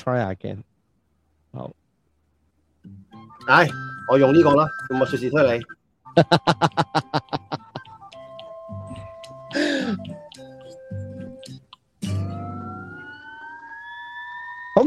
try again，好，哎，我用呢個啦，用個勿說是推理。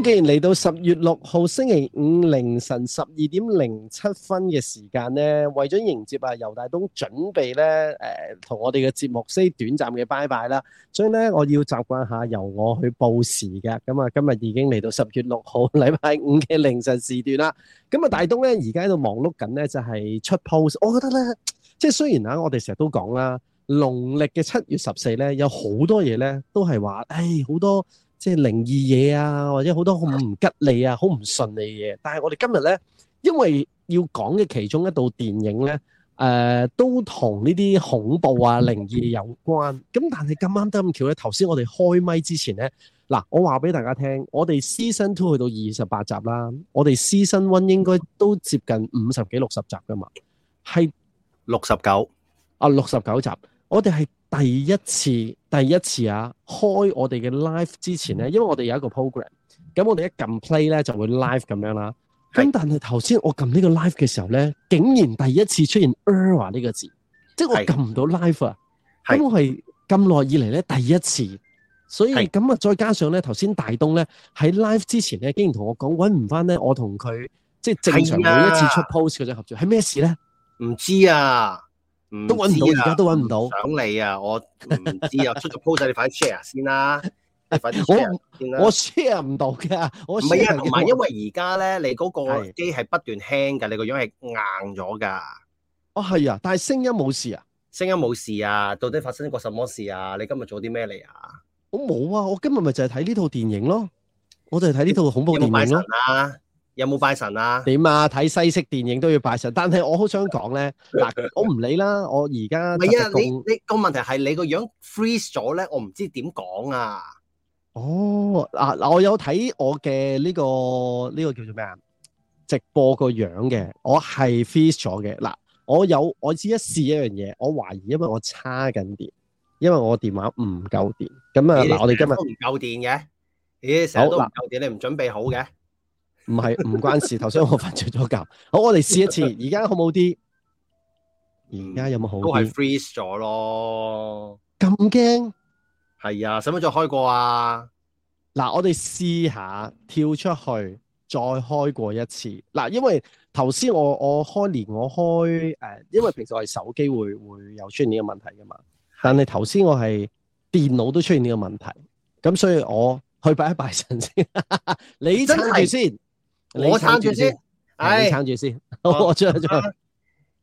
既然嚟到十月六號星期五凌晨十二點零七分嘅時間咧，為咗迎接啊游大東準備咧，誒同我哋嘅節目 say 短暫嘅拜拜啦，所以咧我要習慣下由我去報時嘅。咁啊，今日已經嚟到十月六號禮拜五嘅凌晨時段啦。咁啊，大東咧而家喺度忙碌緊咧，就係出 post。我覺得咧，即係雖然啊，我哋成日都講啦，農曆嘅七月十四咧，有好多嘢咧都係話，誒好多。即係靈異嘢啊，或者好多好唔吉利啊，好唔順利嘅嘢。但係我哋今日咧，因為要講嘅其中一部電影咧，誒、呃、都同呢啲恐怖啊、靈異有關。咁但係咁啱得咁巧咧，頭先我哋開麥之前咧，嗱，我話俾大家聽，我哋 Season two 去到二十八集啦，我哋 Season one 應該都接近五十幾六十集㗎嘛，係六十九啊，六十九集。我哋係第一次，第一次啊，開我哋嘅 live 之前咧，因為我哋有一個 program，咁我哋一撳 play 咧就會 live 咁樣啦。咁、嗯、但係頭先我撳呢個 live 嘅時候咧，竟然第一次出現 error 呢個字，即係我撳唔到 live 啊。咁是我係咁耐以嚟咧第一次，所以咁啊是、嗯，再加上咧頭先大東咧喺 live 之前咧，竟然同我講搵唔翻咧，我同佢即係正常每一次出 post 嗰張合照係咩事咧？唔知啊。都揾唔到啦，而家都揾唔到。想你啊，我唔知啊，出咗 post 你快啲 share 先啦，快啲 share 先啦。我 share 唔到噶，唔係啊，同埋因為而家咧，你嗰個機係不斷 hang 㗎，你個樣係硬咗㗎。哦，係啊，但係聲音冇事啊，聲音冇事啊。到底發生過什麼事啊？你今日做啲咩嚟啊？我冇啊，我今日咪就係睇呢套電影咯，我就係睇呢套恐怖電影咯。有冇拜神啊？點啊？睇西式電影都要拜神。但係我好想講咧，嗱，我唔理啦。我而家唔係啊！你你個問題係你個樣 freeze 咗咧？我唔知點講啊！哦，嗱嗱，我有睇我嘅呢個呢個叫做咩啊？直播個樣嘅，我係 freeze 咗嘅。嗱，我有我只一試一樣嘢，我懷疑因為我差緊電，因為我電話唔夠電。咁啊，嗱，我哋今日唔夠電嘅，咦，手都唔夠電，你唔準備好嘅？唔係唔關事，頭先我瞓着咗覺。好，我哋試一次，而家好冇啲？而家有冇好？都係 freeze 咗咯。咁驚？係啊，使唔使再開過啊？嗱，我哋試下跳出去再開過一次。嗱，因為頭先我我開連我開誒、呃，因為平時我係手機會會有出現呢個問題噶嘛。但係頭先我係電腦都出現呢個問題，咁所以我去拜一拜神先。 你先真住先。我撐住先，你撐住先。我張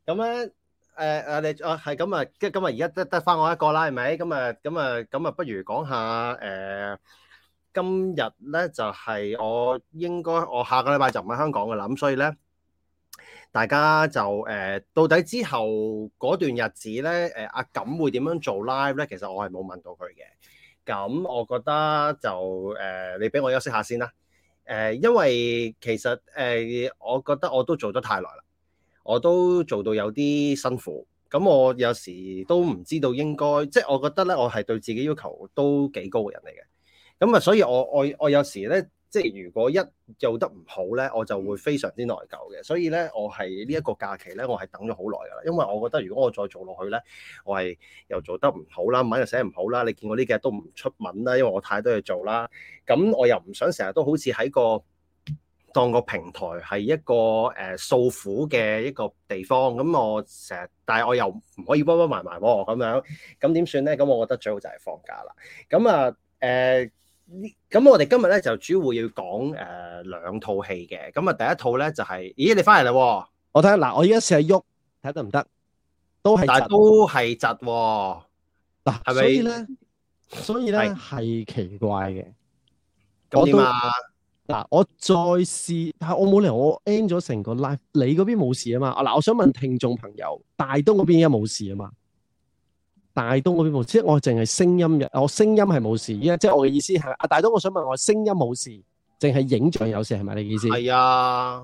咁咧，誒誒，你哦，係咁啊，即係今日而家得得翻我一個啦，係咪？咁啊，咁啊，咁啊，不如講下誒，今日咧就係我應該我下個禮拜就唔喺香港嘅啦，咁所以咧，大家就誒到底之後嗰段日子咧，誒阿感會點樣做 live 咧？其實我係冇問到佢嘅，咁我覺得就誒，你俾我休息下先啦。誒，因為其實誒，我覺得我都做得太耐啦，我都做到有啲辛苦，咁我有時都唔知道應該，即係我覺得咧，我係對自己要求都幾高嘅人嚟嘅，咁啊，所以我我我有時咧。即係如果一做得唔好咧，我就會非常之內疚嘅。所以咧，我係呢一個假期咧，我係等咗好耐噶啦。因為我覺得如果我再做落去咧，我係又做得唔好啦，文又寫唔好啦。你見我呢幾日都唔出文啦，因為我太多嘢做啦。咁我又唔想成日都好似喺個當個平台係一個誒，uh，訴苦嘅一個地方。咁我成日，但係我又唔可以彎彎埋埋喎咁樣。咁點算咧？咁我覺得最好就係放假啦。咁啊誒。Uh, 咁我哋今日咧就主會要講誒兩套戲嘅，咁啊第一套咧就係、是、咦你翻嚟啦，我睇下嗱，我而家試下喐睇得唔得，都係但係都係窒，嗱係咪？所以咧，所以咧係是奇怪嘅、嗯。我點啊？嗱我再試，但係我冇理由我 end 咗成個 live，你嗰邊冇事啊嘛？嗱，我想問聽眾朋友，大東嗰邊有冇事啊嘛？大東嗰邊冇，即係我淨係聲音嘅，我聲音係冇事。而家即係我嘅意思係，阿大東，我想問我聲音冇事，淨係影像有事係咪？你嘅意思係啊，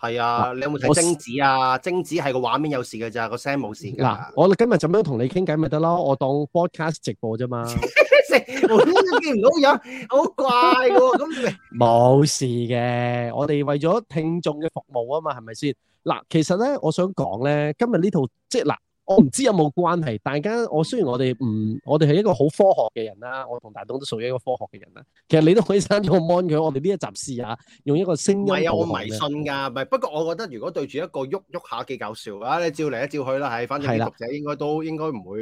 係啊，你有冇睇貞子啊？貞子係個畫面有事嘅咋，個聲冇事。嗱，我哋今日就咁樣同你傾偈咪得咯，我當 podcast 直播啫嘛。成滿都見唔到樣，好怪嘅喎。咁冇事嘅，我哋為咗聽眾嘅服務啊嘛，係咪先？嗱，其實咧，我想講咧，今日呢套即係嗱。我唔知有冇關係，大家我雖然我哋唔，我哋係一個好科學嘅人啦，我同大東都屬於一個科學嘅人啦。其實你都可以刪咗個 mon 嘅，我哋呢一集試下用一個聲音。唔係啊，我迷信噶，唔係。不過我覺得如果對住一個喐喐下幾搞笑啊，你照嚟一照去啦，係，反正啲讀者應該都應該唔會。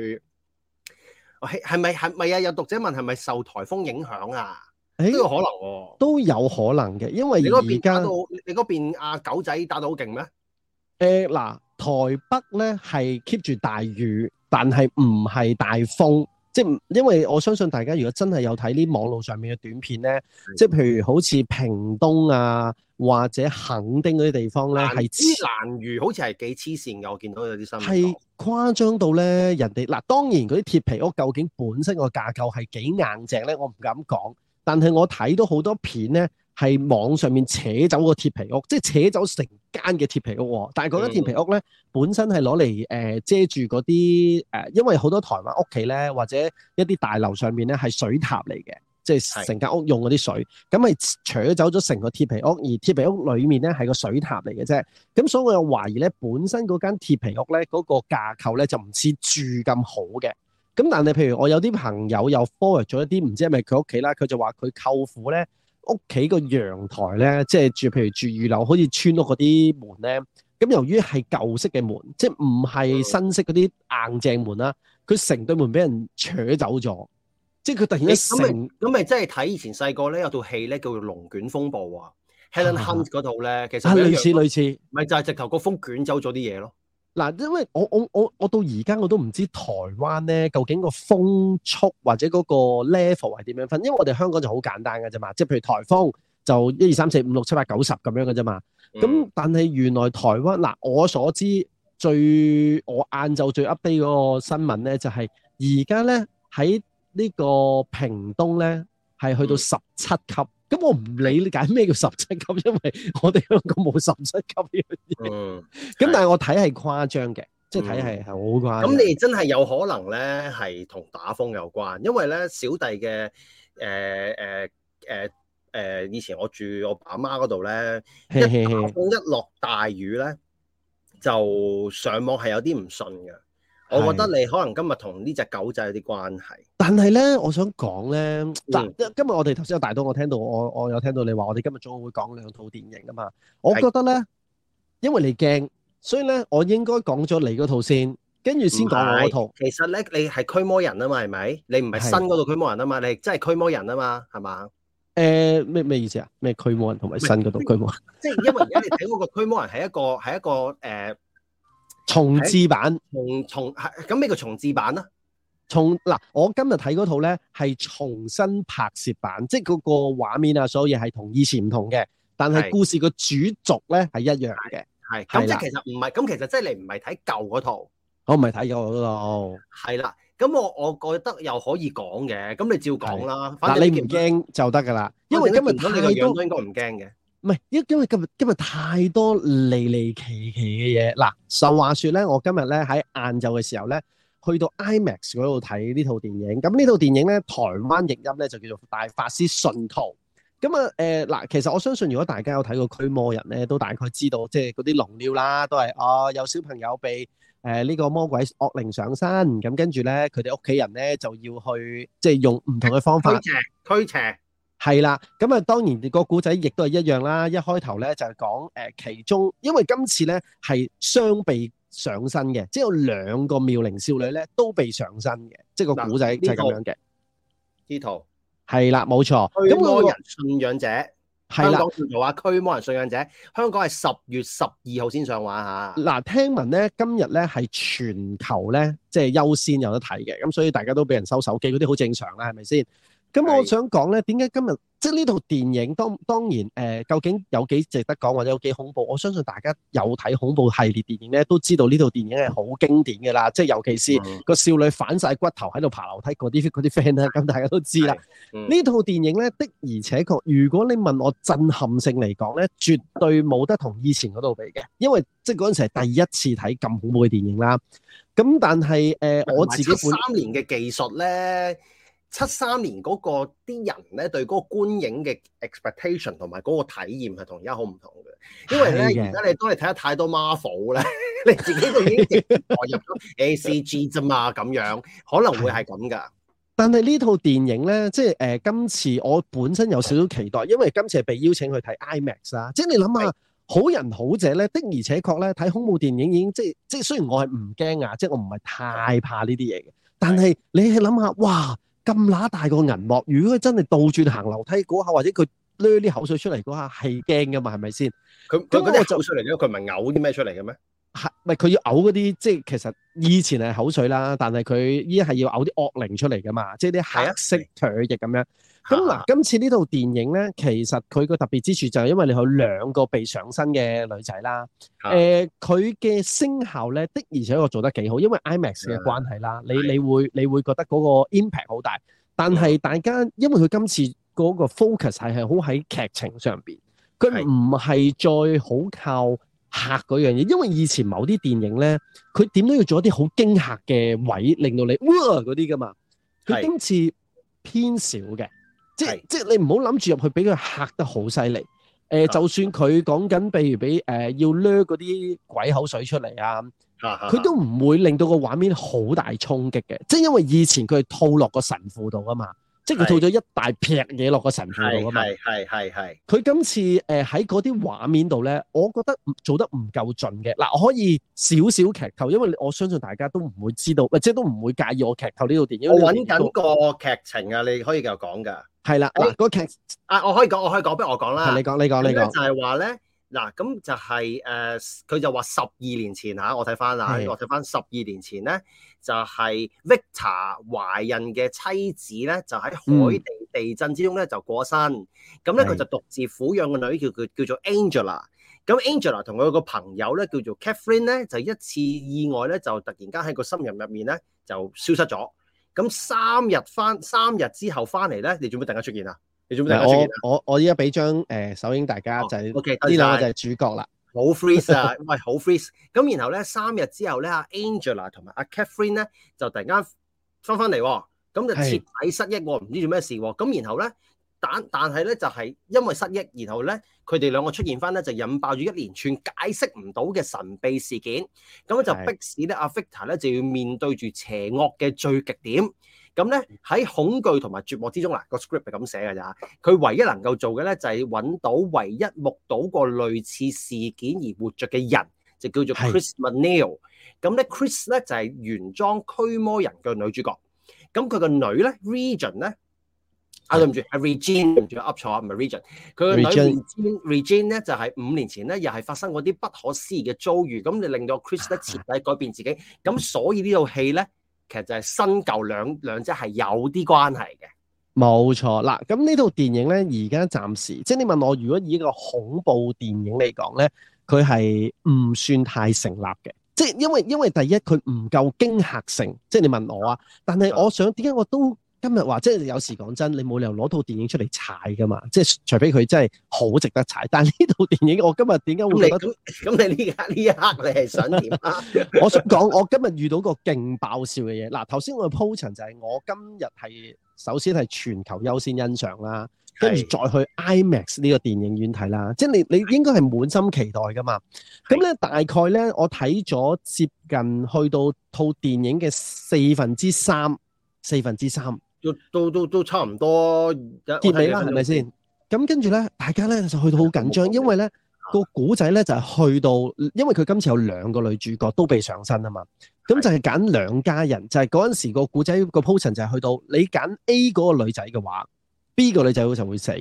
係咪係咪啊？有讀者問係咪受台風影響啊？有欸、都有可能，都有可能嘅。因為如果而家到，你嗰邊阿狗仔打到好勁咩？誒嗱、欸。台北咧係 keep 住大雨，但係唔係大風，即係因為我相信大家如果真係有睇啲網路上面嘅短片咧，的即係譬如好似屏東啊或者墾丁嗰啲地方咧，係之難如，好似係幾黐線嘅，我見到有啲新聞係誇張到咧，人哋嗱當然嗰啲鐵皮屋究竟本身個架構係幾硬淨咧，我唔敢講，但係我睇到好多片咧。係網上面扯走個鐵皮屋，即係扯走成間嘅鐵皮屋。但係嗰間鐵皮屋咧，本身係攞嚟誒遮住嗰啲誒，因為好多台灣屋企咧，或者一啲大樓上面咧係水塔嚟嘅，即係成間屋用嗰啲水。咁係是扯走咗成個鐵皮屋，而鐵皮屋裡面咧係個水塔嚟嘅啫。咁所以我又懷疑咧，本身嗰間鐵皮屋咧嗰個架構咧就唔似住咁好嘅。咁但係譬如我有啲朋友又 follow 咗一啲，唔知係咪佢屋企啦，佢就話佢舅父咧。屋企個陽台咧，即係住，譬如住二樓，好似村屋嗰啲門咧。咁由於係舊式嘅門，即係唔係新式嗰啲硬淨門啦，佢成、嗯、對門俾人扯走咗，即係佢突然一成，咁咪即係睇以前細個咧有套戲咧叫做龍捲風暴啊，Helen Hunt 嗰套咧，其實類似、啊、類似，咪就係直頭個風捲走咗啲嘢咯。嗱，因為我我我我到而家我都唔知台灣咧究竟個風速或者嗰個 level 係點樣分，因為我哋香港就好簡單嘅啫嘛，即係譬如颱風就一二三四五六七八九十咁樣嘅啫嘛。咁、嗯、但係原來台灣嗱，我所知最我晏晝最 update 嗰個新聞咧就係而家咧喺呢個屏東咧係去到十七級。嗯。咁、嗯、我唔理你解咩叫十七級，因為我哋香港冇十七級呢樣嘢。咁但係我睇係誇張嘅，即係睇係係好誇張。咁、嗯、你真係有可能咧係同打風有關，因為咧小弟嘅誒誒誒誒，以前我住我爸媽嗰度咧，一打風一落大雨咧，就上網係有啲唔信嘅。我覺得你可能今日同呢隻狗仔有啲關係，但係咧，我想講咧，嗱，今日我哋頭先有大東，我聽到我我有聽到你話，我哋今日中午會講兩套電影啊嘛，我覺得咧，因為你驚，所以咧，我應該講咗你嗰套先，跟住先講我嗰套。其實咧，你係驅魔人啊嘛，係咪？你唔係新嗰度驅魔人啊嘛，你係真係驅魔人啊嘛，係嘛？誒，咩咩意思啊？咩驅魔人同埋新嗰度驅魔人？即係因為而家你睇嗰個驅魔人係一個係一個誒。重置版，重重係咁咩叫重置版呢啊？重嗱，我今日睇嗰套咧係重新拍攝版，即係嗰個畫面啊，所有嘢係同以前唔同嘅，但係故事個主軸咧係一樣嘅。係，咁了、嗯、即係其實唔係，咁其實即係你唔係睇舊嗰套，我唔係睇舊嗰套。係啦，咁我我覺得又可以講嘅，咁你照講啦。嗱是，反正你唔驚就得噶啦，因為今日睇你個樣都應該唔驚嘅。唔係，因因為今日今日太多離離奇奇嘅嘢。嗱，就話説咧，我今日咧喺晏晝嘅時候咧，去到 IMAX 嗰度睇呢套電影。咁呢套電影咧，台灣譯音咧就叫做《大法師信徒》。咁啊誒嗱，其實我相信如果大家有睇過《驅魔人》咧，都大概知道即係嗰啲濃料啦，都係哦有小朋友被誒呢、呃這個魔鬼惡靈上身，咁跟住咧佢哋屋企人咧就要去即係用唔同嘅方法驅邪。係啦，咁啊，當然個古仔亦都係一樣啦。一開頭咧就係講誒，其中因為今次咧係雙被上身嘅，即係有兩個妙齡少女咧都被上身嘅，即係個古仔就係咁樣嘅。呢套係啦，冇錯。驅魔人信仰者係啦，就話驅魔人信仰者香港係十月十二號先上畫吓。嗱，聽聞咧今日咧係全球咧即係優先有得睇嘅，咁所以大家都俾人收手機嗰啲好正常啦，係咪先？咁我想講咧，點解今日即係呢套電影當當然誒、呃，究竟有幾值得講或者有幾恐怖？我相信大家有睇恐怖系列電影咧，都知道呢套電影係好經典嘅啦。即係尤其是個少女反晒骨頭喺度爬樓梯嗰啲嗰啲 friend 咧，咁，那個、大家都知啦。呢套電影咧的而且確，如果你問我震撼性嚟講咧，絕對冇得同以前嗰度比嘅，因為即係嗰陣時係第一次睇咁恐怖嘅電影啦。咁但係誒、呃，我自己本七三年嘅技術咧。七三年嗰個啲人咧，對嗰個觀影嘅 expectation 同埋嗰個體驗係同而家好唔同嘅，因為咧而家你都係睇得太多 Marvel 咧， 你自己都已經代入咗 ACG 啫嘛，咁樣可能會係咁噶。的但係呢套電影咧，即係誒，今次我本身有少少期待，因為今次係被邀請去睇 IMAX 啦。即係你諗下，好人好者咧，的而且確咧，睇恐怖電影已經即係即係，即係即係、雖然我係唔驚啊，即係我唔係太怕呢啲嘢嘅，但係你係諗下，哇！咁乸大個銀幕，如果佢真係倒轉行樓梯嗰下，或者佢攞啲口水出嚟嗰下，係驚㗎嘛，係咪先？佢咁嗰啲口水嚟，因為佢唔係嘔啲咩出嚟嘅咩？係，唔係佢要嘔嗰啲，即係其實以前係口水啦，但係佢依家係要嘔啲惡靈出嚟㗎嘛，即係啲黑色唾液咁樣。咁嗱、嗯，今次呢套電影呢，其實佢個特別之處就係因為你有兩個被上身嘅女仔啦。誒、啊，佢嘅、呃、聲效呢，的而且確做得幾好，因為 IMAX 嘅關係啦。嗯、你你會你會覺得嗰個 impact 好大。但係大家、嗯、因為佢今次嗰個 focus 係係好喺劇情上邊，佢唔係再好靠嚇嗰樣嘢。因為以前某啲電影呢，佢點都要做一啲好驚嚇嘅位，令到你哇嗰啲㗎嘛。佢、嗯、今次偏少嘅。即係即係你唔好諗住入去俾佢嚇得好犀利，誒、呃啊、就算佢講緊，譬如俾誒、呃、要掠嗰啲鬼口水出嚟啊，佢都唔會令到個畫面好大衝擊嘅，即係因為以前佢係套落個神父度啊嘛。即係佢套咗一大劈嘢落個神父度啊嘛！係係係。佢今次誒喺嗰啲畫面度咧，我覺得做得唔夠盡嘅。嗱，我可以少少劇透，因為我相信大家都唔會知道，或者都唔會介意我劇透呢套電影。我揾緊個劇情啊，你可以繼續講噶。係啦，嗱我，個劇啊，我可以講，我可以講不如我講啦。你講你講你講。就係話咧。嗱，咁就係、是、誒，佢、呃、就話十二年前嚇，我睇翻啦，是的 我睇翻十二年前咧，就係、是、Victor 懷孕嘅妻子咧，就喺海地地震之中咧就過身，咁咧佢就獨自撫養個女，叫佢叫做 Angela，咁 Angela 同佢個朋友咧叫做 Catherine 咧，就一次意外咧就突然間喺個森林入面咧就消失咗，咁三日翻三日之後翻嚟咧，你做唔做突然間出現啊？你我我我依家俾張誒首映，大家就係呢兩個就係主角啦。好 freeze 啊，喂好 freeze 咁然後咧，三日之後咧，阿 Angela 同埋阿 Catherine 咧就突然間翻翻嚟，咁就徹底失憶，唔是知做咩事、啊。咁然後咧，但但係咧就係、是、因為失憶，然後咧佢哋兩個出現翻咧就引爆住一連串解釋唔到嘅神秘事件，咁就迫使咧阿是 Victor 咧就要面對住邪惡嘅最極點。咁咧喺恐懼同埋絕望之中啦、mm，hmm. 個 script 係咁寫嘅咋，佢唯一能夠做嘅咧就係揾到唯一目睹過類似事件而活着嘅人，就叫做 Chris McNeil、mm。咁、hmm. 咧，Chris 咧就係原裝驅魔人嘅女主角。咁佢個女咧，Regan 咧、啊，啊對唔住、mm，係 Regan，唔好意思噏錯啊、mm，唔係 Regan。佢個女 Regan 咧就係五年前咧又係發生嗰啲不可思議嘅遭遇，咁就令到 Chris 咧徹底改變自己、mm。咁所以呢套戲咧。Hmm. Mm hmm. 其實就係新舊兩兩者係有啲關係嘅，冇錯啦。咁呢套電影咧，而家暫時，即係你問我，如果以一個恐怖電影嚟講咧，佢係唔算太成立嘅。即係因為因為第一，佢唔夠驚嚇性，即係你問我啊。但係我想點解我都？今日話，即係有時講真，你冇理由攞套電影出嚟踩噶嘛。即係除非佢真係好值得踩，但係呢套電影，我今日點解會覺得咁？你呢呢一刻，你係想點啊？我想講，我今日遇到個勁爆笑嘅嘢。嗱，頭先我嘅鋪陳就係我今日係首先係全球優先欣賞啦，跟住的再去 IMAX 呢個電影院睇啦。即係你，你應該係滿心期待噶嘛。咁咧的，大概咧，我睇咗接近去到套電影嘅四分之三，四分之三。都都都差唔多結尾啦，係咪先？咁跟住咧，大家咧就去到好緊張，因為咧、個古仔咧就係、係、去到，因為佢今次有兩個女主角都被上身啊嘛。咁就係揀兩家人，就係嗰陣時個古仔個鋪陳就係去到你，你揀 A 嗰個女仔嘅話，B 個女仔好就會死；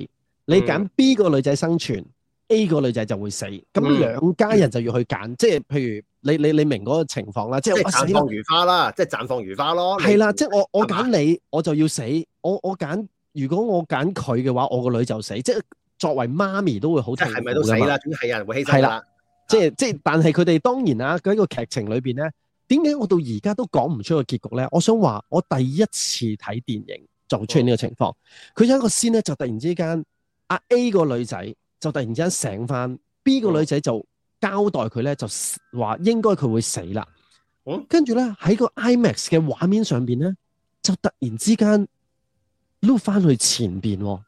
你揀 B 個女仔生存。嗯 A 個女仔就會死，咁兩家人就要去揀，即係譬如你你你明嗰個情況啦，即係綻放如花啦，即係綻放如花咯。係啦，即係我我揀你，我就要死，我我揀如果我揀佢嘅話，我個女就死。即係作為媽咪都會好痛嘅。係咪都死啦？係啊，總係有人會犧牲啦。即係即係，但係佢哋當然啦，佢喺個劇情裏邊咧，點解我到而家都講唔出個結局咧？我想話我第一次睇電影就出現呢個情況，佢有一個先咧就突然之間阿 A 個女仔。就突然之間醒翻，B 個女仔就交代佢咧，就話應該佢會死啦。跟住咧喺個 IMAX 嘅畫面上邊咧，就突然之間擸翻去前邊。咁、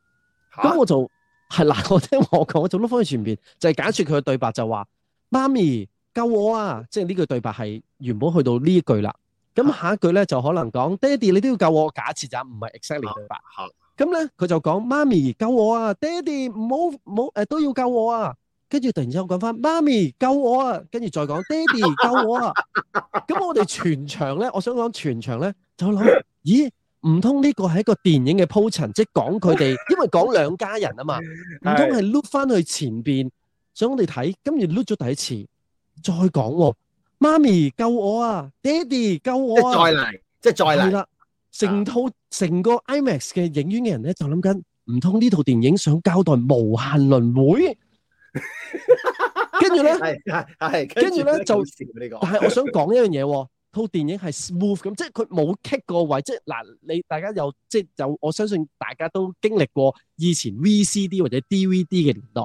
嗯、我就係嗱、啊啊，我聽我講，我就擸翻去前邊，就係假設佢嘅對白就話：媽咪救我啊！即係呢句對白係原本去到呢一句啦。咁、嗯、下一句咧就可能講：爹哋你都要救我。假設就唔係 exactly 對白。咁咧，佢就講：媽咪救我啊！爹哋唔好唔好，誒都要救我啊！跟住突然之間講翻：媽咪救我啊！跟住再講：爹哋救我啊！咁我哋全場咧，我想講全場咧就諗：咦，唔通呢個係一個電影嘅鋪陳，即係講佢哋，因為講兩家人啊嘛，唔通係碌翻去前邊，想我哋睇，跟住碌咗第一次，再講：媽咪救我啊！爹哋救我啊！即係再嚟，即係再嚟。成套成個 IMAX 嘅影院嘅人咧，就諗緊，唔通呢套電影想交代無限輪迴？ 跟住咧，係係跟住咧就，但係我想講一樣嘢喎，套 電影係 smooth 咁，即係佢冇棘個位，即係嗱，你大家有即係有，我相信大家都經歷過以前 VCD 或者 DVD 嘅年代，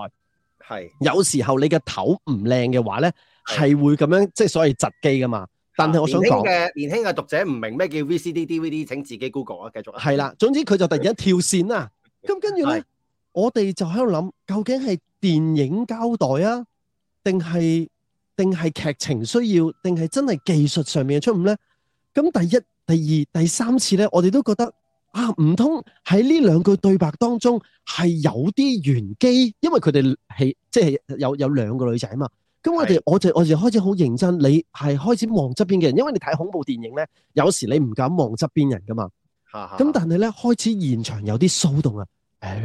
係是有時候你嘅頭唔靚嘅話咧，係會咁樣即係所謂窒機㗎嘛。但係我想講，年輕嘅年輕嘅讀者唔明咩叫 VCD、DVD，請自己 Google 啊！繼續係啦，總之佢就突然間跳線啦。咁跟住咧，我哋就喺度諗，究竟係電影交代啊，定係定係劇情需要，定係真係技術上面嘅失誤咧？咁第一、第二、第三次咧，我哋都覺得啊，唔通喺呢兩句對白當中係有啲玄機，因為佢哋係即係有有兩個女仔嘛。咁我哋的我就我就開始好認真，你係開始望側邊嘅人，因為你睇恐怖電影咧，有時你唔敢望側邊嘅人噶嘛。咁 但係咧，開始現場有啲騷動啊，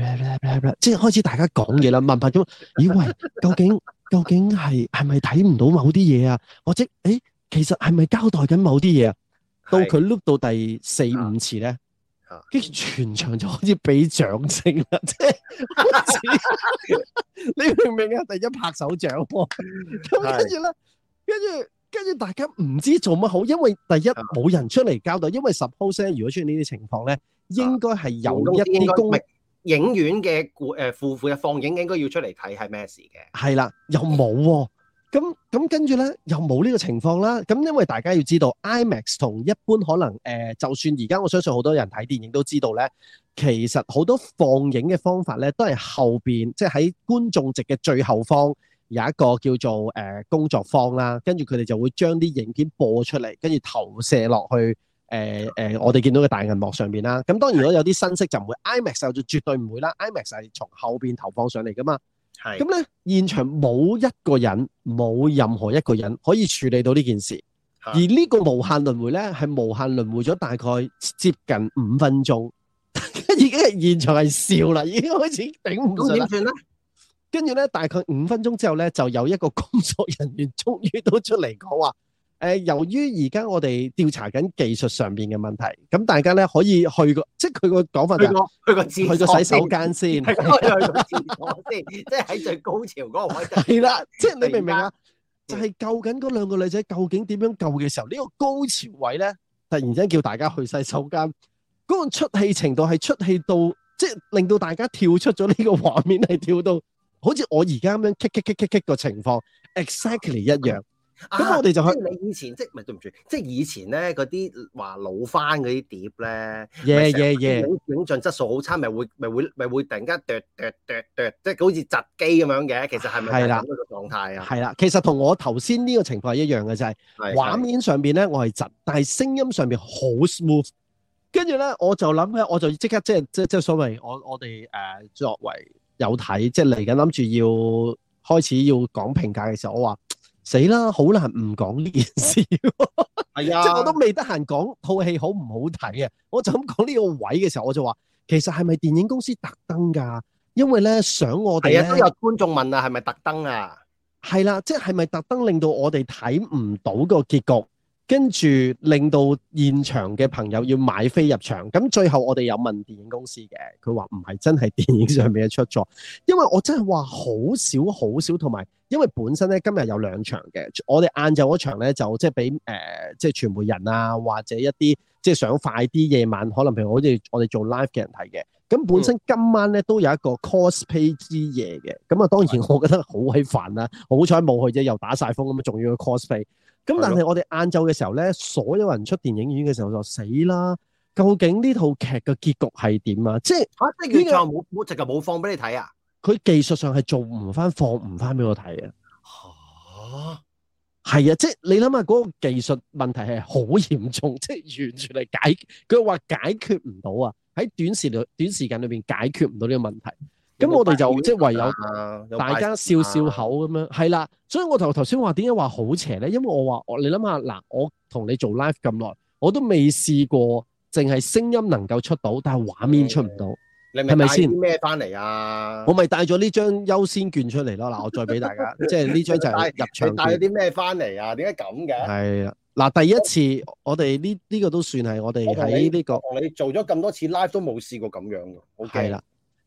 即係開始大家講嘢啦，問下點，咦喂，究竟究竟係係咪睇唔到某啲嘢啊？或者誒、欸，其實係咪交代緊某啲嘢啊？到佢碌到第四的五次咧。跟住全場就開始俾掌聲啦，即 係像 你明唔明啊？第一拍手掌，跟住咧，跟住跟住大家唔知做乜好，因為第一冇 人出嚟交代，因為十 percent 如果出現呢啲情況咧，應該係有一啲公， 影院嘅顧誒付費放映應，應該要出嚟睇係咩事嘅，係啦，又冇喎。咁咁跟住咧，又冇呢個情況啦。咁因為大家要知道，IMAX 同一般可能誒、呃，就算而家我相信好多人睇電影都知道咧，其實好多放映嘅方法咧，都係後邊即係喺觀眾席嘅最後方有一個叫做誒、呃、工作坊啦。跟住佢哋就會將啲影片播出嚟，跟住投射落去誒誒、呃呃、我哋見到嘅大銀幕上面啦。咁、嗯、當然如果有啲新式就唔會，IMAX 就絕對唔會啦。IMAX 係從後邊投放上嚟噶嘛。咁咧，現場冇一個人，冇任何一個人可以處理到呢件事，的而呢個無限輪迴咧，係無限輪迴咗大概接近五分鐘， 已經係現場係笑啦，已經開始頂唔到啦。點算咧？跟住咧，大概五分鐘之後咧，就有一個工作人員終於都出嚟講話。誒，由於而家我哋調查緊技術上邊嘅問題，咁大家咧可以去個，即係佢個講法就係去個去個去個洗手間先，即係喺最高潮嗰個位。係啦，即係你明唔明啊？就係救緊嗰兩個女仔究竟點樣救嘅時候，呢個高潮位咧，突然之間叫大家去洗手間，嗰個出戲程度係出戲到，即係令到大家跳出咗呢個畫面，係跳到好似我而家咁樣 kick kick kick kick 個情況，exactly 一樣。咁我哋就去，即係你以前即係唔係對唔住，即係以前咧嗰啲話老翻嗰啲碟咧，夜夜夜影像質素好差，咪會咪會咪會突然間啄啄啄啄，即係好似窒機咁樣嘅。其實係咪係咪咁嘅狀態啊？係啦，其實同我頭先呢個情況係一樣嘅，就係畫面上邊咧，我係窒，但係聲音上面好 smooth。跟住咧，我就諗嘅，我就即刻即係即係即係所謂我我哋誒作為有睇即係嚟緊諗住要開始要講評價嘅時候，我話。死啦！好難唔講呢件事， 啊、 即係我都未得閒講套戲好唔好睇啊！我就咁講呢個位嘅時候，我就話其實係咪電影公司特登噶？因為咧想我哋啊，都有觀眾問啊，係咪特登啊？係啦，即係係咪特登令到我哋睇唔到個結局？跟住令到現場嘅朋友要買飛入場，咁最後我哋有問電影公司嘅，佢話唔係真係電影上面嘅出錯，因為我真係話好少好少，同埋因為本身呢，今日有兩場嘅，我哋晏晝嗰場呢就即係俾誒即係傳媒人啊，或者一啲即係想快啲夜晚，可能譬如好似我哋做 live 嘅人睇嘅，咁本身今晚呢，都有一個 cosplay 之夜嘅，咁啊當然我覺得好閪煩啊，好彩冇去啫，又打晒風咁啊，仲要去 cosplay。咁但係我哋晏晝嘅時候咧，所有人出電影院嘅時候就死啦。究竟呢套劇嘅結局係點啊？即係吓，即係冇冇直就冇放俾你睇啊！佢技術上係做唔翻，放唔翻俾我睇啊！吓、啊，係啊，即係你諗下嗰個技術問題係好嚴重，即係完全係解，佢話解決唔到啊！喺短時內短時間裏邊解決唔到呢個問題。咁我哋就即係唯有大家笑笑口咁樣，係啦。所以我頭頭先話點解話好邪咧？因為我話我你諗下嗱，我同你做 live 咁耐，我都未試過淨係聲音能夠出到，但係畫面出唔到，你係咪先？咩翻嚟啊？我咪帶咗呢張優先券出嚟咯。嗱，我再俾大家， 即係呢張就係入場券。 帶咗啲咩翻嚟啊？點解咁嘅？係啦，嗱，第一次我哋呢呢個都算係我哋喺呢個，你，你做咗咁多次 live 都冇試過咁樣㗎。係、okay? 啦。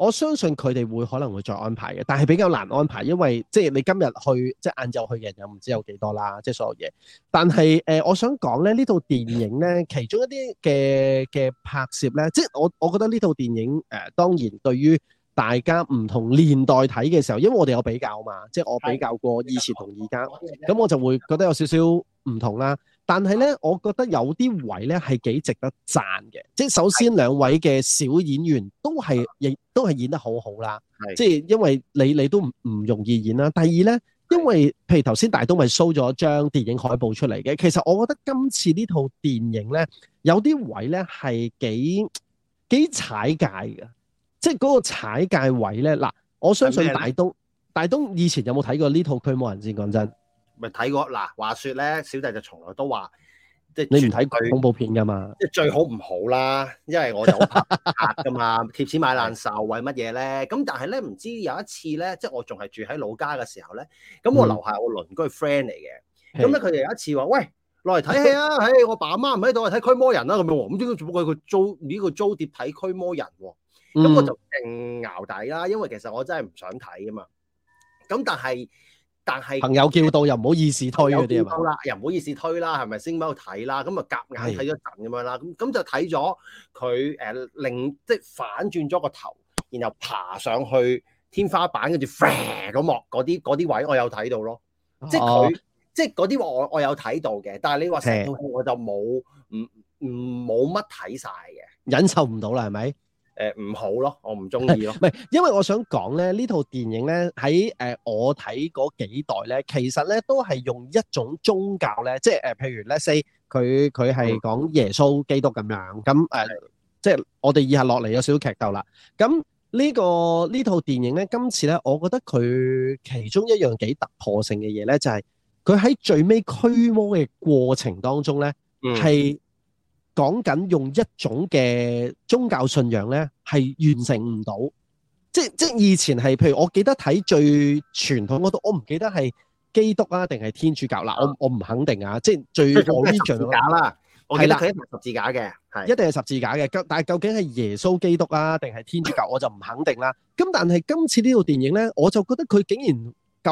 我相信佢哋會可能會再安排嘅，但係比較難安排，因為即係你今日去，即係晏晝去嘅人又唔知有幾多啦，即係所有嘢。但係誒、呃，我想講咧，呢套電影咧，其中一啲嘅嘅拍攝咧，即係我我覺得呢套電影誒、呃，當然對於大家唔同年代睇嘅時候，因為我哋有比較嘛，即係我比較過以前同而家，咁我就會覺得有少少唔同啦。但係咧，我覺得有啲位咧係幾值得讚嘅，即係首先兩位嘅小演員都係亦的都係演得好好啦。係的，即係因為你你都唔唔容易演啦。第二咧，的因為譬如頭先大東咪 show 咗張電影海報出嚟嘅，其實我覺得今次呢套電影咧，有啲位咧係幾幾踩界嘅，即係嗰個踩界位咧。嗱，我相信大東，大東以前有冇睇過呢套《驅魔人》先講真。咪睇過嗱，話説咧，小弟就從來都話，即係你唔睇佢恐怖片㗎嘛，即係最好唔好啦，因為我就怕嚇㗎嘛， 貼錢買難受，為乜嘢咧？咁但係咧，唔知有一次咧，即、就、係、是、我仲係住喺老家嘅時候咧，咁我樓下我鄰居 friend 嚟嘅，咁咧佢哋有一次話，是喂，落嚟睇戲啊！誒、欸欸，我爸媽唔喺度，我睇《驅魔人》啊啦，咁樣咁點解做要佢租呢個租碟睇《驅魔人》啊嗯？咁我就勁熬底啦，因為其實我真係唔想睇啊嘛，咁但係。但係朋友叫到又唔好意思推嗰啲嘛，吧又唔好意思推啦，係咪先？喺度睇啦，咁啊夾硬睇咗陣咁樣啦，咁咁就睇咗佢誒令即係反轉咗個頭，然後爬上去天花板，跟住嗰幕嗰啲嗰啲位我有睇到咯，哦、即係佢即係嗰啲我我有睇到嘅，但係你話成套戲我就冇唔唔冇乜睇晒嘅，的忍受唔到啦，係咪？誒唔、呃、好咯，我唔中意咯。唔係，因為我想講咧，呢套電影咧喺誒我睇嗰幾代咧，其實咧都係用一種宗教咧，即係誒、呃，譬如 let's say 佢佢係講耶穌基督咁樣咁誒、呃，即係我哋以下落嚟有少少劇鬥啦。咁呢、呢個呢套電影咧，今次咧，我覺得佢其中一樣幾突破性嘅嘢咧，就係佢喺最尾驅魔嘅過程當中咧，係、嗯。講緊用一種嘅宗教信仰咧，係完成唔到，即係即係以前係，譬如我記得睇最傳統嗰度，我唔記得係基督啊，定係天主教啦，我我唔肯定啊，即係最 original 啦，係啦，佢一定係十字架嘅，係一定係十字架嘅，但係究竟係耶穌基督啊，定係天主教，我就唔肯定啦。咁但係今次呢套電影咧，我就覺得佢竟然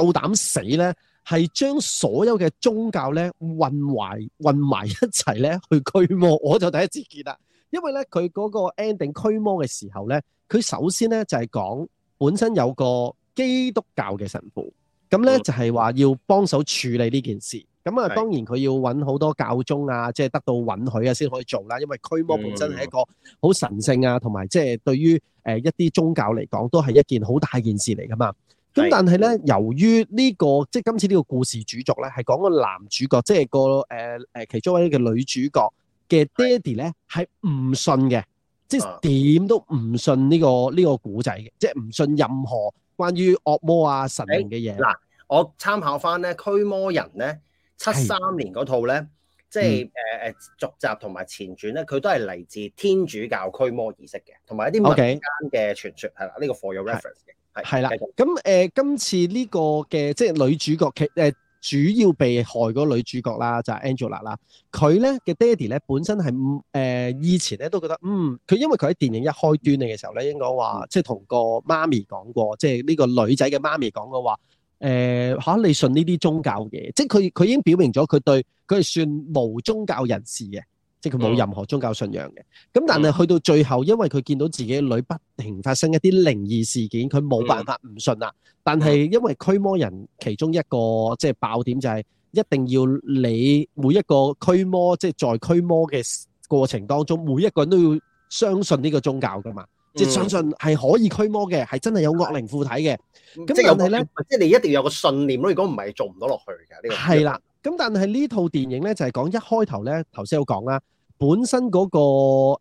夠膽死咧。係將所有嘅宗教咧混埋混埋一齊咧去驅魔，我就第一次見啦。因為咧佢嗰個 ending 驅魔嘅時候咧，佢首先咧就係講本身有個基督教嘅神父，咁咧就係話要幫手處理呢件事。咁啊，當然佢要揾好多教宗啊，即係得到允許啊，先可以做啦。因為驅魔本身係一個好神聖啊，同埋即係對於誒一啲宗教嚟講，都係一件好大件事嚟噶嘛。咁但係咧，由於呢、呢個即係今次呢個故事主軸咧，係講個男主角，即係個誒誒、呃、其中一位女主角嘅爹哋咧，係唔信嘅的、這個這個，即係點都唔信呢個呢個古仔嘅，即係唔信任何關於惡魔啊神靈嘅嘢。嗱、欸，我參考翻咧驅魔人咧七三年嗰套咧，的即係誒誒續集同埋前傳咧，佢都係嚟自天主教驅魔儀式嘅，同埋一啲民間嘅傳説係啦。呢 Okay.、呢個 for your reference 嘅。係啦，咁誒、呃，今次呢個嘅即係女主角，其誒主要被害嗰女主角啦，就係、是、Angela 啦。佢咧嘅爹地咧，本身係誒、呃、以前咧都覺得嗯，佢因為佢喺電影一開端嚟嘅時候咧，應該話，即係同個媽咪講過，即係呢個女仔嘅媽咪講過話誒嚇，你信呢啲宗教嘢，即係佢佢已經表明咗佢對佢係算無宗教人士嘅。即係佢冇任何宗教信仰嘅，咁但係去到最後，因為佢見到自己嘅女不停發生一啲靈異事件，佢冇辦法唔信啦。但係因為驅魔人其中一個即係爆點就係，一定要你每一個驅魔即係在驅魔嘅過程當中，每一個人都要相信呢個宗教噶嘛，即係相信係可以驅魔嘅，係真係有惡靈附體嘅。咁但係咧，即係你一定要有個信念咯，如果唔係做唔到落去嘅呢個係啦。咁但係呢套電影咧就係講一開頭咧，頭先有講啦，本身嗰個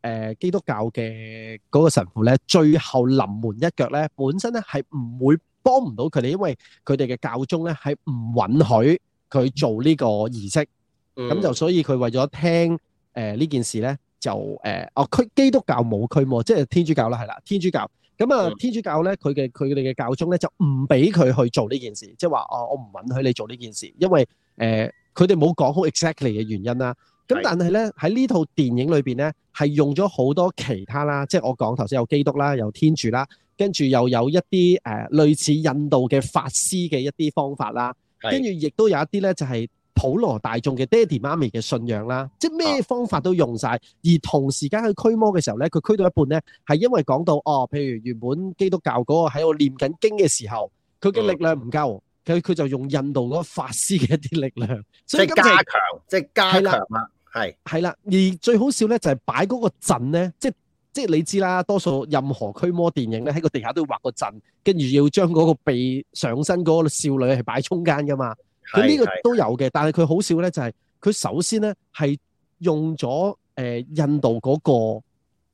誒基督教嘅嗰個神父咧，最後臨門一腳咧，本身咧係唔會幫唔到佢哋，因為佢哋嘅教宗咧係唔允許佢做呢個儀式，咁就所以佢為咗聽誒呢件事咧，就誒哦區基督教冇區冇，即係天主教啦，係啦，天主教，咁啊，天主教咧佢嘅佢哋嘅教宗咧就唔俾佢去做呢件事，即係話哦我唔允許你做呢件事，因為。誒，佢哋冇講好 exactly 嘅原因啦。咁但係咧，喺呢套電影裏邊咧，係用咗好多其他啦，即係我講頭先有基督啦，有天主啦，跟住又有一啲誒、呃、類似印度嘅法師嘅一啲方法啦，跟住亦都有一啲咧就係、是、普羅大眾嘅爹哋媽咪嘅信仰啦，即係咩方法都用晒，啊、而同時間去驅魔嘅時候咧，佢驅到一半咧，係因為講到哦，譬如原本基督教嗰個喺度念緊經嘅時候，佢嘅力量唔夠。嗯佢佢就用印度嗰個法師嘅一啲力量，所以今次加強，即係加強啦，係係啦。而最好笑咧就係擺嗰個陣咧，即即係你知啦，多數任何驅魔電影咧喺個地下都要畫個陣，跟住要將嗰個被上身嗰個少女係擺中間噶嘛。咁呢個都有嘅，但係佢好笑咧就係、是、佢首先咧係用咗誒、呃、印度嗰、那個。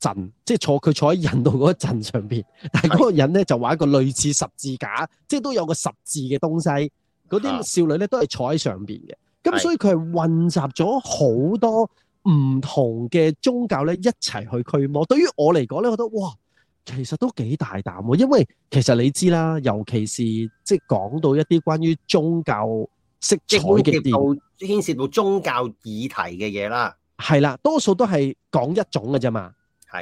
陣，即係坐佢坐喺人道嗰陣上邊，但係嗰個人咧就畫一個類似十字架，即係都有個十字嘅東西。嗰啲少女咧都係坐喺上邊嘅，咁所以佢係混雜咗好多唔同嘅宗教咧一齊去驅魔。對於我嚟講咧，我覺得哇，其實都幾大膽，因為其實你知啦，尤其是即係講到一啲關於宗教色彩嘅嘢，牽涉到宗教議題嘅嘢啦，係啦，多數都係講一種嘅啫嘛。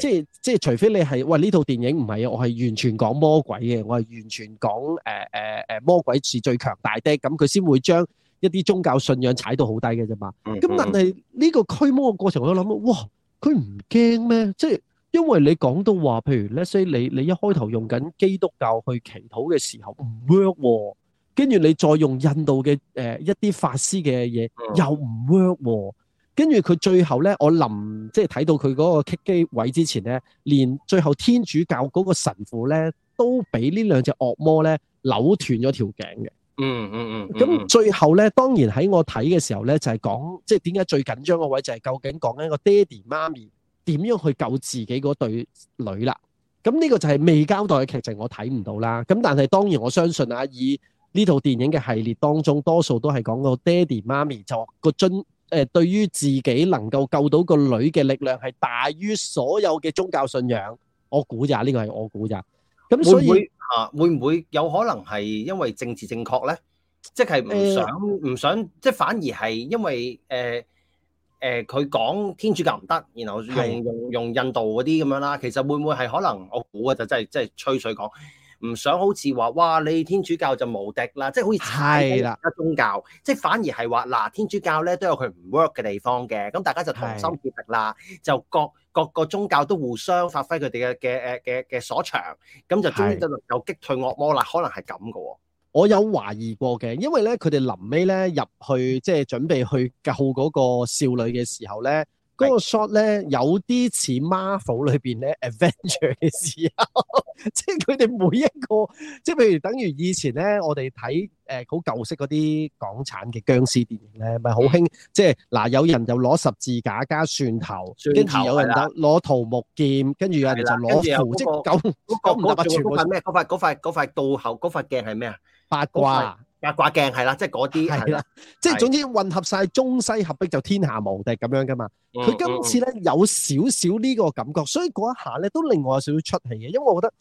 即係即係，除非你係喂呢套電影唔係啊，我係完全講魔鬼嘅，我係完全講誒誒誒魔鬼是最強大的，咁佢先會將一啲宗教信仰踩到好低嘅啫嘛。咁、嗯嗯、但係呢個驅魔嘅過程，我諗哇，佢唔驚咩？即係因為你講到話，譬如咧，所以你你一開頭用緊基督教去祈禱嘅時候唔 work 喎，跟住、啊、你再用印度嘅誒、呃、一啲法師嘅嘢又唔 work 喎。嗯。跟住佢最後咧，我臨即係睇到佢嗰個棘機位之前咧，連最後天主教嗰個神父咧，都俾呢兩隻惡魔咧扭斷咗條頸嘅。嗯。嗯嗯嗯。咁最後咧，當然喺我睇嘅時候咧，就係、係、講即係點解最緊張個位就係究竟講緊個爹哋媽咪點樣去救自己嗰對女啦。咁呢個就係未交代嘅劇情，我睇唔到啦。咁但係當然我相信啊，以呢套電影嘅系列當中，多數都係講個爹哋媽咪就個樽。.誒對於自己能夠救到個女嘅力量係大於所有嘅宗教信仰，我估咋，呢個係我估咋。咁所以嚇會唔會，會，會有可能係因為政治正確咧？即係唔想唔想，即係、呃、反而係因為誒誒佢講天主教唔得，然後用用的用印度嗰啲咁樣啦。其實會唔會係可能我估嘅就真係真係吹水講？唔想好似話哇，你天主教就無敵啦，即係可以踩低其他宗教，即係反而係話嗱，天主教咧都有佢唔 work 嘅地方嘅。咁大家就同心協力啦，就各各個宗教都互相發揮佢哋嘅嘅誒嘅嘅所長，咁就終於就就擊退惡魔啦。可能係咁嘅喎。我有懷疑過嘅，因為咧佢哋臨尾咧入去即係準備去救嗰個少女嘅時候咧。嗰個 shot 咧有啲似 Marvel 裏邊咧 Avenger 嘅時候，即係佢哋每一個，即係譬如等於以前咧，我哋睇誒好舊式嗰啲港產嘅殭屍電影咧，咪好興，即係嗱有人就攞十字架加蒜頭，跟住有人攞攞桃木劍，跟住有人就攞符，即係咁。嗰塊全部係咩？嗰塊嗰塊嗰塊道口嗰塊鏡係咩啊？八卦。八卦鏡係啦，即係嗰啲係啦，的的即係總之混合晒的中西合璧就天下無敵咁樣噶嘛。佢的今次咧有少少呢個感覺，所以嗰一下咧都令我有少少出戲嘅。因為我覺得，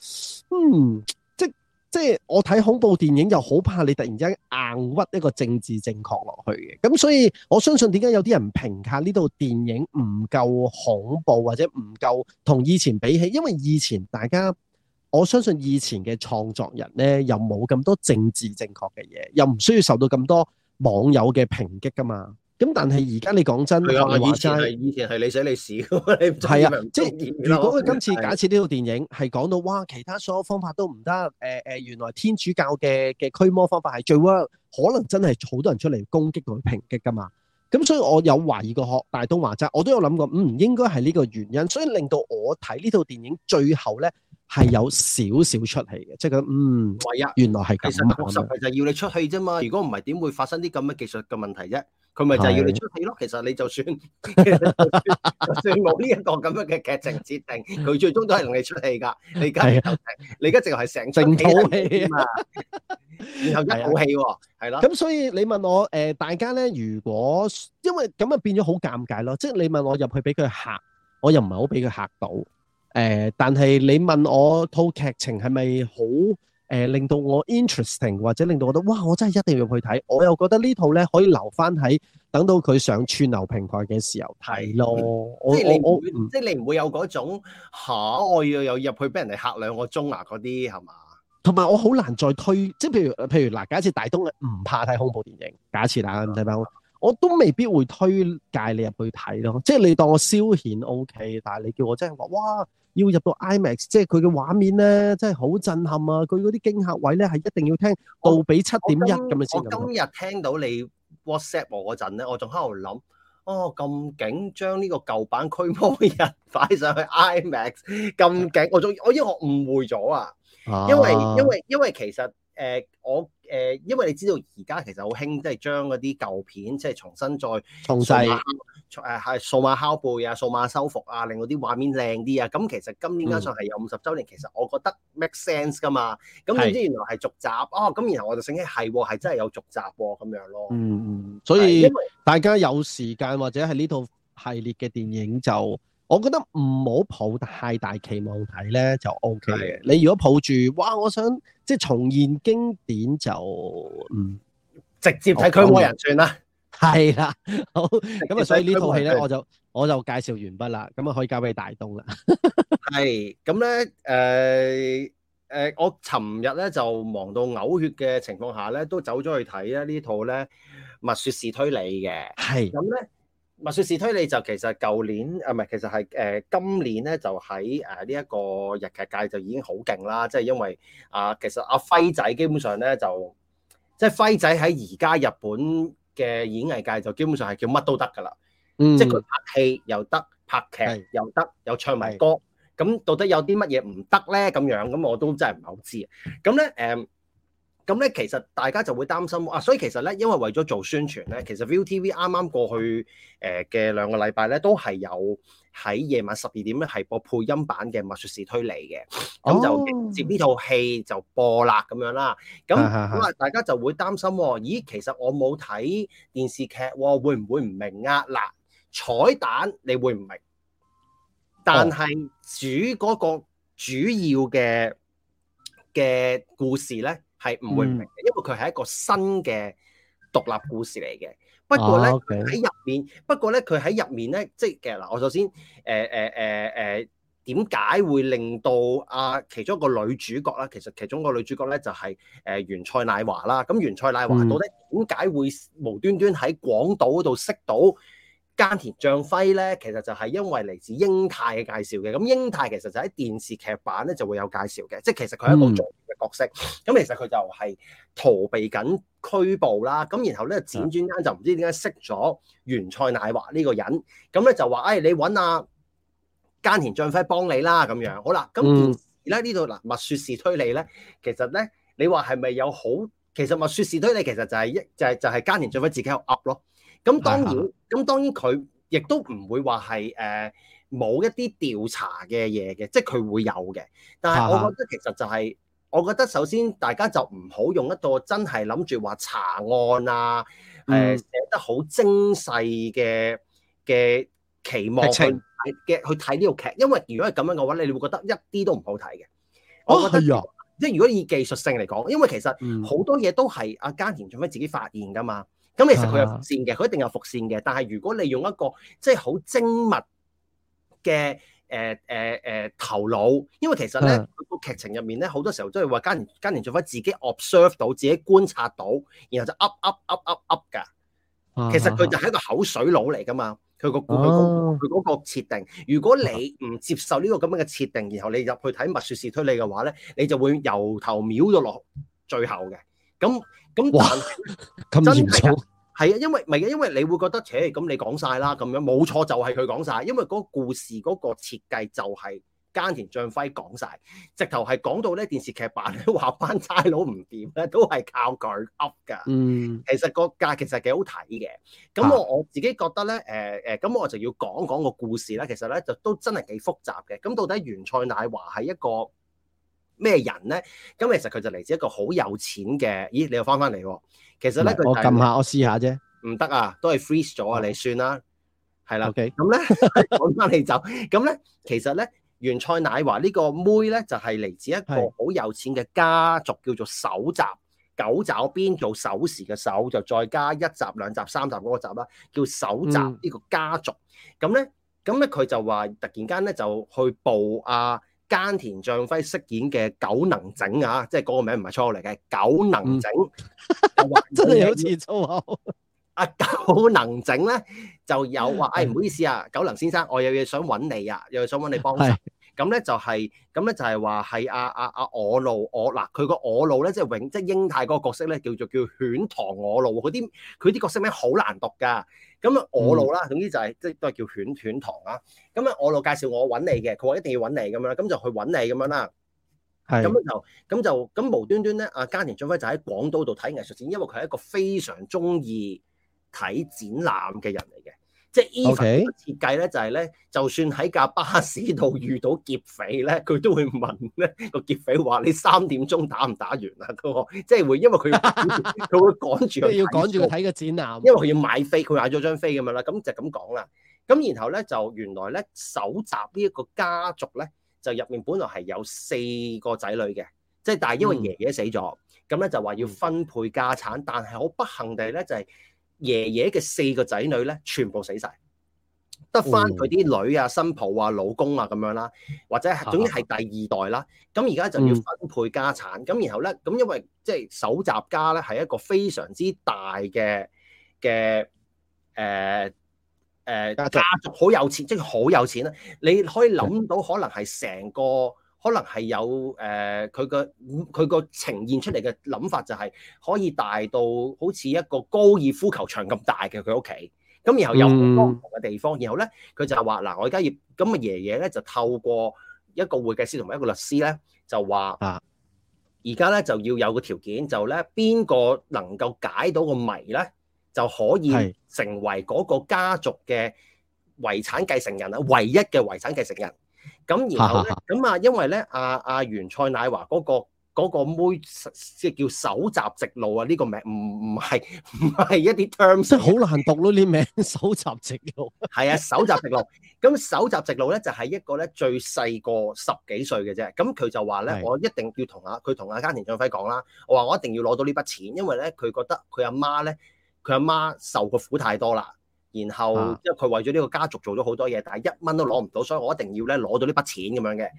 嗯，即係即係我睇恐怖電影就好怕你突然之間硬屈一個政治正確落去嘅。咁所以我相信點解有啲人評價呢套電影唔夠恐怖或者唔夠同以前比起，因為以前大家。我相信以前嘅創作人咧，又冇咁多政治正確嘅嘢，又唔需要受到咁多網友嘅抨擊噶嘛。咁但係而家你講真，係啊、嗯，是以前係以前係 你寫你事噶嘛。係啊的，即係的如果佢今次的假設呢套電影係講到，哇，其他所有方法都唔得，誒、呃、誒、呃，原來天主教嘅嘅驅魔方法係最 work，可能真係好多人出嚟攻擊同抨擊噶嘛。咁所以我有懷疑個殼，但係都話齋，我都有諗過，嗯，應該係呢個原因，所以令到我睇呢套電影最後呢係有少少出戲嘅，即係覺得嗯，係啊原來係咁樣。其實咪就係要你出戲啫嘛，如果唔係點會發生啲咁嘅技術嘅問題啫？佢咪就係要你出戲咯，其實你就算就算冇呢一個咁樣嘅劇情設定，佢最終都係同你出戲㗎。你而家又，你而家淨係成套戲啊，然後一套戲喎，係啦。咁所以你問我誒，大家咧，如果因為咁啊變咗好尷尬咯，即係你問我入去俾佢嚇，我又唔係好俾佢嚇到。誒，但係你問我套劇情係咪好？誒、呃、令到我 interesting，或者令到我覺得哇，我真係一定要去睇。我又覺得呢套咧可以留翻喺等到佢上串流平台嘅時候睇咯。嗯、我即係你唔我我即係你唔會有嗰種嚇、啊、我要又入去俾人哋嚇兩個鐘啊嗰啲係嘛？同埋我好難再推，即係譬,譬如譬如嗱，假設大東唔怕睇恐怖電影，嗯、假設大家唔睇包。嗯我都未必會推介你入去睇咯，即係你當我消遣 O K，但係你叫我真係話哇，要入到 IMAX，即係佢嘅畫面咧，真係好震撼啊！佢嗰啲驚嚇位咧係一定要聽杜比七點一咁樣先。我今日聽到你 WhatsApp 我嗰陣咧，我仲喺度諗，哦咁勁，將呢個舊版《驅魔人》擺上去 IMAX，咁勁！我仲我因為我誤會咗啊，因為、啊、因為因為，因為其實誒、呃、我。誒，因為你知道而家其實好興，即係將嗰啲舊片即係重新再重製，誒係數碼拷貝啊、數碼修復啊，令到啲畫面靚啲啊。咁其實今年加上係有五十週年，嗯、其實我覺得 make sense 㗎嘛。咁點知原來係續集，是哦咁然後我就醒起係，係、啊、真係有續集咁、啊、樣咯。嗯嗯，所以大家有時間或者係呢套系列嘅電影就。我覺得唔好抱太大期望睇咧就 OK 嘅。你如果抱住哇，我想即係重現經典就嗯直接睇《驅魔人》啦。係啦，好咁啊，所以呢套戲咧我就我就介紹完畢啦。咁啊，可以交俾大東啦。係咁咧，誒誒，我尋日咧就忙到嘔血嘅情況下咧，都走咗去睇啊呢套咧《勿說是推理》嘅。係咁咧。勿說是推理就其實舊年啊，唔係其實係誒今年咧就喺誒呢一個日劇界就已經好勁啦，即、就、係、是、因為啊其實阿、啊、輝仔基本上咧就即係、就是、輝仔喺而家日本嘅演藝界就基本上係叫乜都得噶啦，嗯、即係佢拍戲又得，拍劇又得，又是唱埋歌，咁是到底有啲乜嘢唔得咧？咁樣咁我都真係唔係好知啊！咁咧誒。嗯咁咧，其實大家就會擔心啊，所以其實咧，因為為咗做宣傳咧，其實 ViuTV 啱啱過去誒嘅、呃、兩個禮拜咧，都係有喺夜晚十二點咧，係播配音版嘅《勿說是推理》嘅，咁就迎接呢套戲就播啦咁樣啦。咁咁啊，大家就會擔心咦？其實我冇睇電視劇，哦、會唔會唔明啊？嗱，彩蛋你會唔明，但係主嗰、oh. 個主要嘅嘅故事咧。係唔會明，因為佢係一個新嘅獨立故事嚟嘅。不過咧佢喺入面，不過咧佢喺入面咧，即係嘅嗱。我首先誒誒誒誒，點、呃、解、呃呃、會令到啊？其中一個女主角啦？其實其中個女主角咧就係、是、誒、呃、原菜乃華啦。咁原菜乃華到底點解會無端端喺廣島度識到菅田將輝咧，其實就係因為嚟自英泰嘅介紹嘅，咁英泰其實就喺電視劇版咧就會有介紹嘅，即係其實佢係一個重要嘅角色。咁、嗯、其實佢就係逃避緊拘捕啦，咁然後咧輾轉間就唔知點解識咗原菜乃華呢個人，咁咧就話，誒、哎，你揾阿菅田將輝幫你啦，咁樣。好啦，咁而咧呢度嗱，勿、嗯、說是推理咧，其實咧你話係咪有好？其實勿說是推理其實就係、是、一就係就係菅田將輝自己喺度噏咯。咁當然，咁當然佢亦都唔會話係誒冇一啲調查嘅嘢嘅，即係佢會有嘅。但係我覺得其實就係、是，我覺得首先大家就唔好用一個真係諗住話查案啊，誒、呃、寫得好精細嘅嘅期望去嘅、嗯、去睇呢套劇，因為如果係咁樣嘅話，你你會覺得一啲都唔好睇嘅。我覺得，哦、即係如果以技術性嚟講，因為其實好多嘢都係阿家田做咩自己發現㗎嘛。咁其實佢有伏線嘅，佢一定有伏線嘅。但係如果你用一個即係好精密嘅誒誒誒頭腦，因為其實咧個是的 劇情入面咧好多時候都係話，嘉年嘉年最翻自己 observe 到，自己觀察到，然後就 up up up up up 㗎。是的 其實佢就係一個口水佬嚟㗎嘛。佢的、那個佢佢嗰個設定，如果你唔接受呢個咁樣嘅設定，然後你入去睇《勿說是推理》嘅話咧，你就會由頭瞄到落最後嘅。咁咁，但係哇真係，啊，因為唔係因為你會覺得，扯、欸。咁你講晒啦，咁樣冇錯，就係、是、佢講晒。因為嗰個故事嗰個設計就係菅田將暉講晒。直頭係講到咧電視劇版咧話翻差佬唔掂咧，都係靠佢噏㗎。嗯，其實個架其實幾好睇嘅。咁我我自己覺得咧，誒、呃、誒，咁我就要講講個故事啦。其實咧就都真係幾複雜嘅。咁到底原菜乃華係一個？咩人咧？咁其實佢就嚟自一個好有錢嘅，咦？你又翻翻嚟喎。其實咧，佢是、就是、我撳下，我試下啫。唔得啊，都係 freeze 咗啊！哦、你算啦，係啦。OK，咁咧講翻嚟就。 」咁咧，其實咧，原菜乃華話呢個妹咧就係、是、嚟自一個好有錢嘅家族，叫做狩集狗爪邊做狩」集嘅狩」，就再加一集、兩集、三集嗰個集啦，叫狩集呢個家族。咁咧、嗯，咁咧佢就話突然間咧就去報啊。菅田將暉飾演嘅久能整啊，即係嗰個名唔係粗口嚟嘅，久能整，真係有次粗口。阿 久 能整咧就有話，哎，唔好意思啊，久 能先生，我有嘢想揾你啊，又想揾你幫手。咁咧就係，咁咧就係話係阿阿阿我路，我嗱佢個我路咧即係永即係英泰嗰個角色咧叫做叫犬堂我路，嗰啲佢啲角色名好難讀噶。咁啊我路啦，總之就係即係都係叫犬犬堂啦。咁啊我路介紹我揾你嘅，佢話一定要揾你咁樣，咁就去揾你咁樣啦。係是。咁就咁就咁無端端咧，阿家庭俊輝就喺廣島度睇藝術展，因為佢係一個非常中意睇展覽嘅人嚟嘅。即係伊設計咧，就係、是、咧，就算喺架巴士度遇到劫匪咧，佢都會問咧個劫匪話：你三點鐘打唔打完啊？佢即係會，會 因為佢佢會趕住要趕住睇個展覽。因為佢要買飛，佢買咗張飛咁樣啦。咁就咁講啦。咁然後咧就原來咧蒐集呢一個家族咧，就入面本來係有四個仔女嘅。即係但係因為爺爺死咗，咁咧、嗯、就話要分配家產，但係好不幸地咧就係、是。爺爺嘅四個仔女咧，全部死晒，得翻佢啲女啊、新抱啊、老公啊咁樣啦，或者總之係第二代啦。咁而家就要分配家產。咁、嗯、然後咧，咁因為即係蒐集家咧，係一個非常之大嘅嘅誒誒家族，好有錢，即係好有錢啦。你可以諗到，可能係成個。可能係有誒，佢個佢個呈現出嚟嘅諗法就係可以大到好似一個高爾夫球場咁大嘅佢屋企，咁然後有好多唔同嘅地方，嗯、然後咧佢就話嗱，我而家要咁嘅爺爺咧就透過一個會計師同埋一個律師咧就話啊，而家咧就要有個條件，就咧邊個能夠解到個謎咧，就可以成為嗰個家族嘅遺產繼承人啦，唯一嘅遺產繼承人。是咁然後咧，咁啊，因為咧，阿、啊、阿、啊、原菜乃華嗰、那個那個妹即係叫狩集汐路啊，呢、這個名唔唔係唔係一啲 terms，好難讀咯、啊、呢名狩集汐路。係 啊，狩集汐路。咁狩集汐路咧就係、是、一個咧最細個十幾歲嘅啫。咁佢就話咧，是我一定要同阿佢同阿家田俊輝講啦。我話我一定要攞到呢筆錢，因為咧佢覺得佢阿媽咧，佢阿媽受個苦太多啦。然後即係佢為咗呢個家族做咗好多嘢，但係一蚊都攞唔到，所以我一定要咧攞到筆呢筆錢咁樣嘅。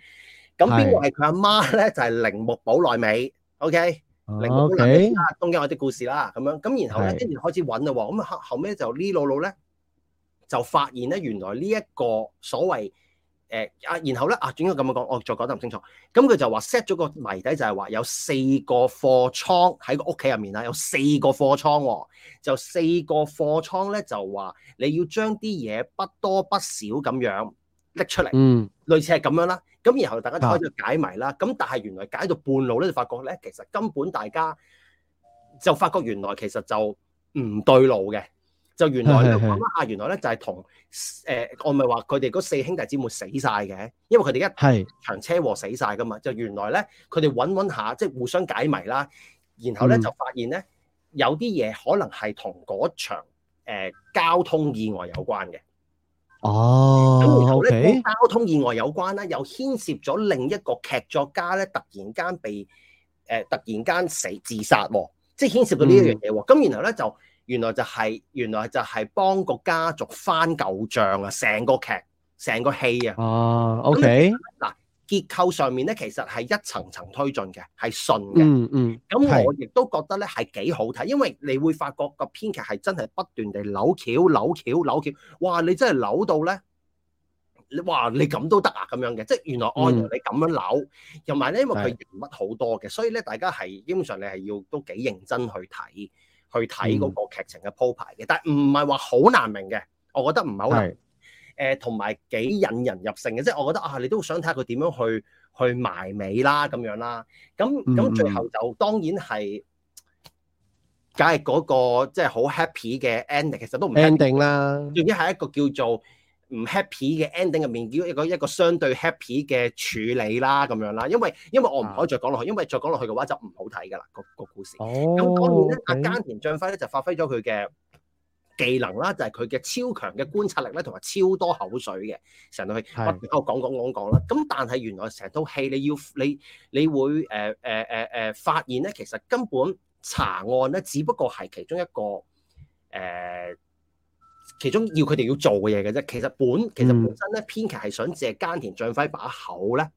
咁邊個係佢阿媽咧？就係鈴木保奈美。OK，鈴木保奈美、啊 okay? 東京愛的故事啦，咁樣。咁然後咧，跟住開始揾啦喎。咁是後尾就老老呢路路咧，就發現咧，原來呢一個所謂。誒啊、呃！然後咧啊，應該咁樣講？我、哦、再講得唔清楚。咁、嗯、佢、嗯、就話 set 咗個謎底，就係話有四個貨倉喺個屋企入面啦。有四個貨倉、哦，就四個貨倉咧，就話你要將啲嘢不多不少咁樣拎出嚟。嗯，類似係咁樣啦。咁然後大家就開始解謎啦。咁的但係原來解到半路咧，就發覺咧，其實根本大家就發覺原來其實就唔對路嘅。就原來咧，啊原來咧就係同誒，我咪話佢哋嗰四兄弟姊妹死晒嘅，因為佢哋一場車禍死晒噶嘛。就原來咧，佢哋揾揾下，即係互相解謎啦，然後咧就發現咧有啲嘢可能係同嗰場誒交通意外有關嘅。哦，咁然後咧交通意外有關啦，又牽涉咗另一個劇作家咧，突然間被誒突然間死自殺，即係牽涉到呢一樣嘢。咁然後咧就。原來就係、是，原來就係幫個家族翻舊帳啊！成個劇，成個戲啊！哦、啊，OK。嗱，結構上面咧，其實係一層層推進嘅，係順嘅。嗯嗯。咁我亦都覺得咧係幾好睇，是因為你會發覺個編劇係真係不斷地扭橋、扭橋、扭橋。哇！你真係扭到咧，你哇！你咁都得啊？咁樣嘅，即係原來按你咁樣扭。同埋係咧，因為佢人物好多嘅，所以咧大家係基本上你係要都幾認真去睇。是去睇嗰個劇情嘅鋪排嘅，但係唔係話好難明嘅，我覺得唔係好明，誒同埋幾引人入勝嘅，即係我覺得啊，你都想睇下佢點樣去去埋尾啦咁樣啦，咁咁最後就當然係，梗係嗰個即係好 happy 嘅 ending，其實都唔 ending 啦，總之係一個叫做唔 happy 嘅 ending 入面，如果一個一個相對 happy 嘅處理啦，咁樣啦，因為因為我唔可以再講落去，因為再講落去嘅話就唔好睇噶啦，個個故事。咁、哦、講完咧，阿菅白、啊、田將暉咧就發揮咗佢嘅技能啦，就係佢嘅超強嘅觀察力咧，同埋超多口水嘅成套戲，是我講講講講啦。咁但係原來成套戲你要你你會誒誒誒誒發現咧，其實根本查案咧，只不過係其中一個誒。呃其中要佢哋要做嘅嘢嘅啫，其實本其實本身咧編劇係想借菅田將暉把口咧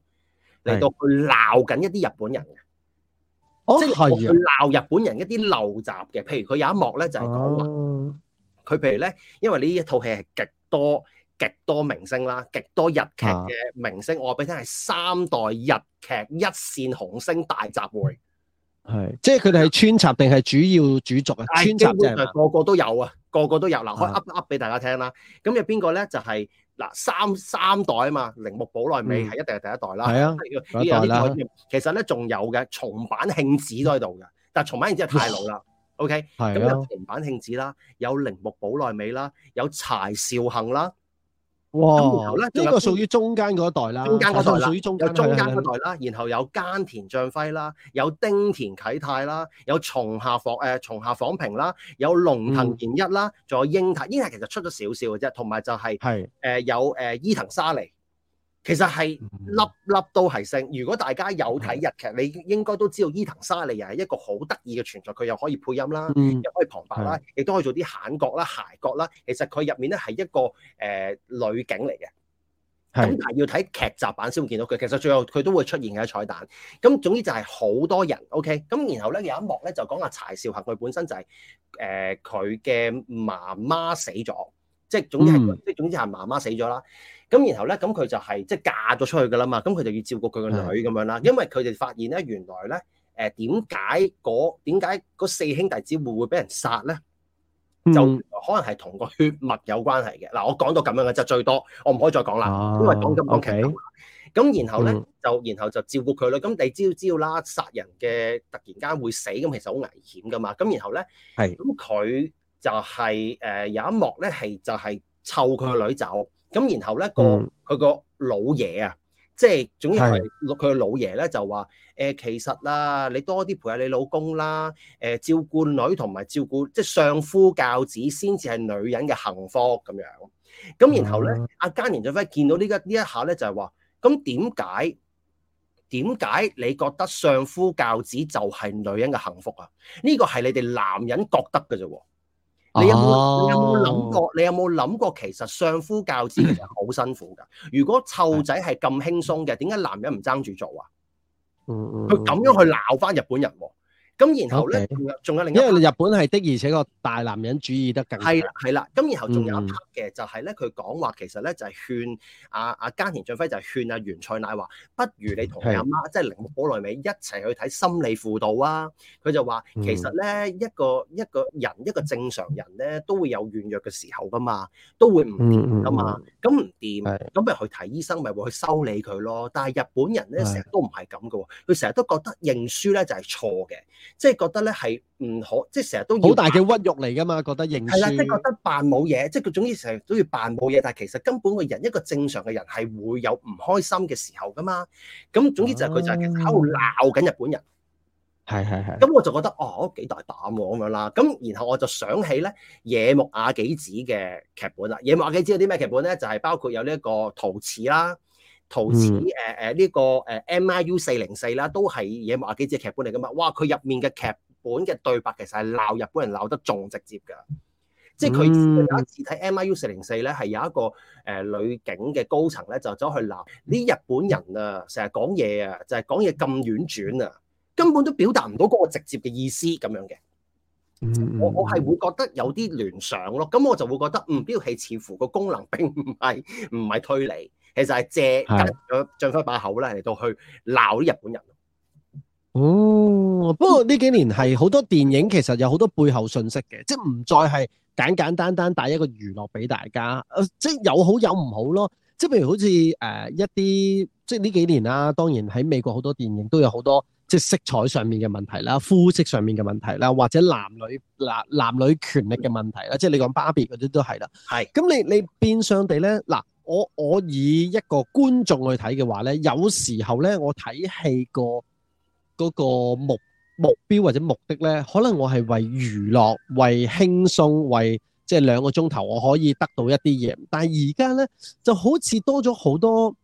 嚟到去鬧緊一啲日本人，嘅、哦。即係佢鬧日本人一啲陋習嘅，譬、哦、如佢有一幕咧就係講佢，譬如咧，因為呢一套戲係極多極多明星啦，極多日劇嘅明星，啊、我話俾你聽係三代日劇一線紅星大集會，係即係佢哋係穿插定係主要主軸啊？穿插即係個個都有啊。個個都有啦，可以噏噏俾大家聽，就是、啦。咁有邊個咧就係嗱三三代啊嘛，鈴木保奈美係、嗯、一定係第一代啦。係啊、嗯，第有一啦。其實咧仲有嘅松阪慶子都喺度嘅，但係松阪慶子係太老啦。 OK，咁有松阪慶子啦，有鈴木保奈美啦，有柴少幸啦。哇！咁然後呢，呢個屬於中間嗰一代啦，中間嗰代屬於中，有中間嗰代啦，然後有菅田將暉啦，有町田啓太啦，有松下房誒、呃、松下房平啦，有瀧藤賢一啦，仲、嗯、有瑛太，瑛太其實出咗少少嘅啫，同埋就係係誒有誒、呃、伊藤沙莉。其實係粒粒都係星。如果大家有睇日劇，是的 你應該都知道伊藤沙莉又係一個好得意嘅存在。佢又可以配音啦，是的 又可以旁白啦，亦是的 都可以做啲閒角啦、鞋角啦。其實佢入面咧係一個誒女警嚟嘅。咁、呃、是的 但係要睇劇集版先會見到佢。其實最後佢都會出現嘅彩蛋。咁總之就係好多人。OK，咁然後咧有一幕咧就講阿柴少恆，佢本身就係誒佢嘅媽媽死咗。即係總之，總之係媽媽死咗啦。咁然後咧，咁佢就係即係嫁咗出去噶啦嘛。咁佢就要照顧佢個女咁樣啦。因為佢哋發現咧，原來咧誒點解嗰點解嗰四兄弟子會會俾人殺咧？就可能係同個血脈有關係嘅嗱、嗯。我講到咁樣嘅就最多，我唔可以再講啦，因為講咁講期。咁然後咧、嗯、就然後就照顧佢啦。咁你知要知道啦，殺人嘅突然間會死，咁其實好危險噶嘛。咁然後咧係咁佢。是就係、是、誒、呃、有一幕咧，係就係湊佢個女走，咁然後咧個佢個老爺啊，嗯、即係總之係佢個老爺咧就話誒、呃、其實啦，你多啲陪下你老公啦，誒、呃、照顧女同埋照顧即係相夫教子先至係女人嘅幸福咁樣。咁然後咧，阿嘉年就會見到呢個呢一下咧就係、是、話，咁點解點解你覺得相夫教子就係女人嘅幸福啊？呢、這個係你哋男人覺得嘅啫喎。你有冇？你有冇諗過？你有冇諗過？其實相夫教子其實好辛苦噶。如果湊仔係咁輕鬆嘅，點解男人唔爭住做啊？嗯嗯，佢咁樣去鬧翻日本人喎咁然後咧，仲有另一個，因為日本係的，而且個大男人主義得更係啦係啦。咁然後仲有一 part 嘅就係咧，佢講話其實咧就係勸阿阿家田俊輝就係勸阿袁賽奶話，不如你同你阿媽即係鈴木保奈美一齊去睇心理輔導啊。佢就話其實咧一個一個人一個正常人咧都會有軟弱嘅時候㗎嘛，都會唔掂㗎嘛。咁唔掂咁咪去睇醫生，咪會去修理佢咯。但係日本人咧成日都唔係咁嘅，佢成日都覺得認輸咧就係錯嘅。即係覺得咧係唔可，即係成日都好大嘅屈辱嚟噶嘛？覺得認輸啦，即係覺得扮冇嘢，即係佢總之成日都要扮冇嘢。但係其實根本個人，一個正常嘅人係會有唔開心嘅時候噶嘛。咁總之就係佢就係喺度鬧緊日本人。係係係。咁我就覺得哦，幾大膽喎咁樣啦。咁然後我就想起咧野木亞紀子嘅劇本啦。野木亞紀子有啲咩劇本咧？就係包括有呢一個陶瓷啦。陶瓷，誒誒呢個誒 M I U 四零四啦，都係野木亞紀子嘅劇本嚟噶嘛？哇！佢入面嘅劇本嘅對白其實係鬧日本人鬧得仲直接嘅，即係佢有一次睇 M I U 四零四咧，係有一個誒、呃、女警嘅高層咧，就走去鬧呢日本人啊，成日講嘢啊，就係講嘢咁婉轉啊，根本都表達唔到嗰個直接嘅意思咁樣嘅。嗯、我我係會覺得有啲聯想咯，咁我就會覺得，嗯，呢個戲似乎個功能並唔係唔係推理，其實係借跟張張開把口咧嚟，到去鬧啲日本人。哦、嗯，不過呢幾年係好多電影，其實有好多背後信息嘅，即係唔再係簡簡單單帶一個娛樂俾大家，即係有好有唔好咯。即係譬如好似誒、呃、一啲，即係呢幾年啦、啊。當然喺美國好多電影都有好多即係色彩上面嘅問題啦、膚色上面嘅問題啦，或者男女男男女權力嘅問題啦。即係你講芭比嗰啲都係啦。係是。咁你你變相地咧，嗱我我以一個觀眾去睇嘅話咧，有時候咧我睇戲個嗰個目目標或者目的咧，可能我係為娛樂、為輕鬆、為。即係兩個鐘頭，我可以得到一啲嘢。但係而家咧，就好似多咗好多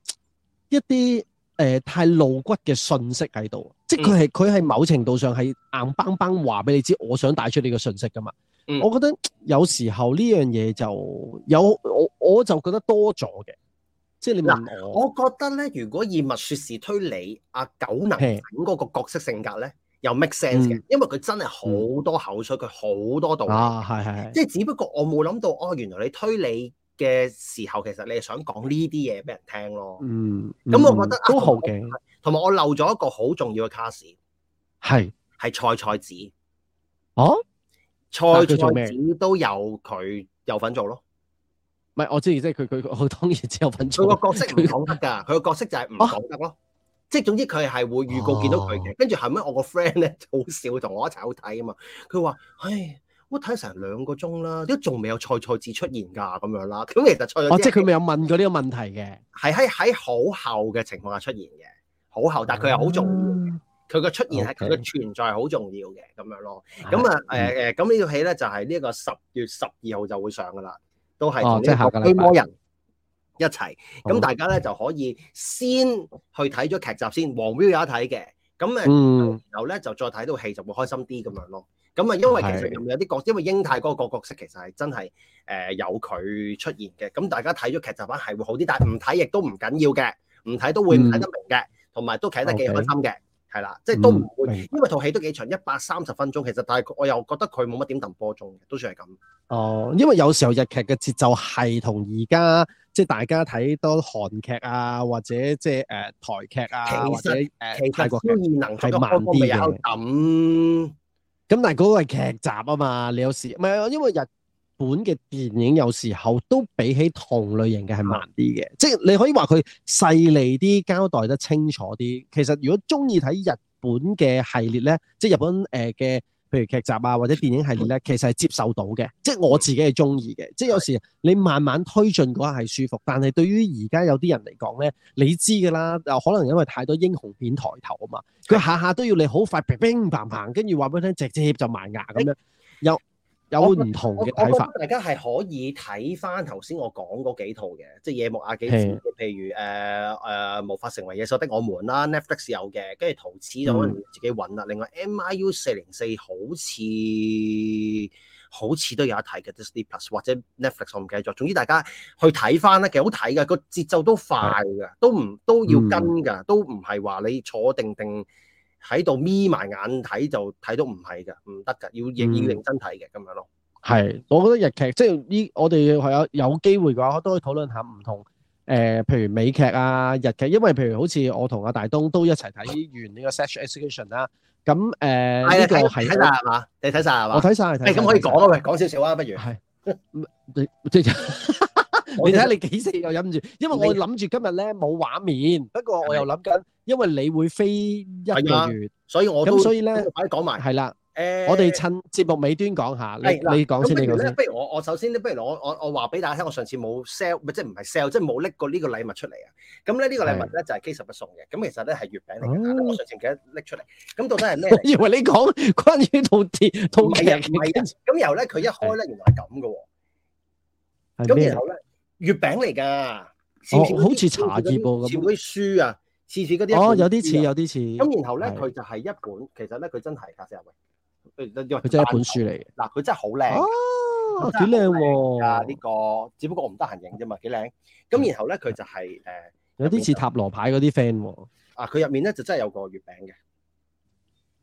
一啲誒、呃、太露骨嘅信息喺度。即係佢係佢係某程度上係硬邦邦話俾你知，我想帶出呢個信息噶嘛。嗯、我覺得有時候呢樣嘢就有我我就覺得多咗嘅。即係你問我，我覺得咧，如果以勿說是推理，阿、啊、久能整嗰個角色性格咧？有 make sense 嘅，因為佢真係好多口水，佢好、嗯、多道理啊，係係，即係只不過我冇諗到，哦，原來你推理嘅時候，其實你係想講呢啲嘢俾人聽咯。嗯、咁、嗯、我覺得都好嘅。同埋、啊、我漏咗一個好重要嘅 cast 係係菜菜子。哦、啊？菜菜子都有佢有份做咯。唔係、啊，我知，即係佢佢，我當然只有份做。佢個角色唔講得噶，佢個角色就係唔講得咯。啊即係總之佢係會預告見到佢嘅，哦，跟住後尾，我個 friend 咧好少同我一齊去睇啊嘛。佢話，唉，我睇成兩個鐘啦，都仲未有賽賽字出現㗎咁樣啦。咁其實賽、哦、即係佢未有問過呢個問題嘅，係喺喺好後嘅情況下出現嘅，好後，但係佢又好重要。佢個、嗯、出現係佢個存在好重要嘅咁樣咯。咁啊誒誒，咁、嗯呃、呢套戲咧就係、是、呢個十月十二號就會上㗎啦，都係同呢個《驅魔人》。一齊咁，嗯、大家咧就可以先去睇咗劇集先，黃標有一睇嘅咁誒，嗯、然後咧就再睇到戲就會開心啲咁樣咯。咁啊，因為其實有啲角色，是因為英泰嗰個，個角色其實係真係誒、呃、有佢出現嘅。咁大家睇咗劇集版係會好啲，但係唔睇亦都唔緊要嘅，唔睇都會睇得明嘅，同埋、嗯、都睇得幾開心嘅，係啦、嗯，即係都唔會，嗯、因為套戲都幾長，一百三十分鐘，其實但係我又覺得佢冇乜點揼波鐘，都算係咁。哦，因為有時候日劇嘅節奏係同而家。即係大家睇多韓劇啊，或者即係誒、呃、台劇啊，實或者誒實泰國劇能係慢啲啊。咁、嗯，咁但係嗰個係劇集啊嘛。你有時唔係，因為日本嘅電影有時候都比起同類型嘅係慢啲嘅。嗯、即係你可以話佢細膩啲，交代得清楚啲。其實如果中意睇日本嘅系列咧，即係日本誒嘅。呃譬如劇集啊，或者電影系列咧，其實係接受到嘅，即係我自己係中意嘅。即係有時你慢慢推進嗰下係舒服，但係對於而家有啲人嚟講咧，你知㗎啦，又可能因為太多英雄片抬頭啊嘛，佢下下都要你好快乒乒乓乓，跟住話俾你聽，直接就埋牙咁樣。有唔同嘅睇法，大家係可以睇翻頭先我講嗰幾套嘅，即係夜幕啊、的《幾時？譬如誒誒，無法成為野獸的我們啦，Netflix 有嘅，跟住陶瓷就可能自己揾啦。嗯、另外 M I U 四零四好似好似都有得睇嘅，Disney Plus 或者 Netflix 我唔記得咗。總之大家去睇翻咧，其實好睇嘅，個節奏都快嘅，的都唔都要跟㗎，嗯、都唔係話你坐定定。喺度眯埋眼睇就睇到唔係噶，唔得噶，要認認真睇嘅咁樣咯。係，我覺得日劇即係呢，我哋係啊有機會嘅話，都可以討論下唔同誒、呃，譬如美劇啊、日劇，因為譬如好似我同阿大東都一齊睇完呢個 execution、啊《Sex Education》啦。咁誒呢個係睇曬係嘛？你睇晒係嘛？我睇晒曬。誒咁可以講啊喂，講少少啊不如。係。即係。是的 你睇下你幾時又忍住？因為我諗住今日咧冇畫面，不過我又諗緊，因為你會飛一個月，所以我咁所以咧快啲講埋係啦。誒，我哋趁節目尾端講下，你你講先，不如我我首先咧，不如我我我話俾大家聽，我上次冇 sell，即係唔係 sell，即係冇搦過呢個禮物出嚟啊。咁咧呢個禮物咧就係 K11 送嘅。咁其實咧係月餅嚟噶，我上次記得拎出嚟。咁到底係咩？我以為你講關於套。電兔餅。咁然後咧，佢一開咧原嚟係咁噶。咁然後咧。月餅嚟㗎，哦，好似茶葉噃，咁，似嗰啲書啊，似似嗰啲哦，有啲似有啲似。咁然後咧，佢是就係一本，其實咧佢真係發入位，佢、呃、真係一本書嚟嘅。嗱、啊，佢真係好靚，幾靚㗎呢個，只不過我唔得閒影啫嘛，幾靚。咁然後咧，佢就係誒，就是、有啲似塔羅牌嗰啲 fan 喎。啊，佢入、啊、面咧就真係有個月餅嘅。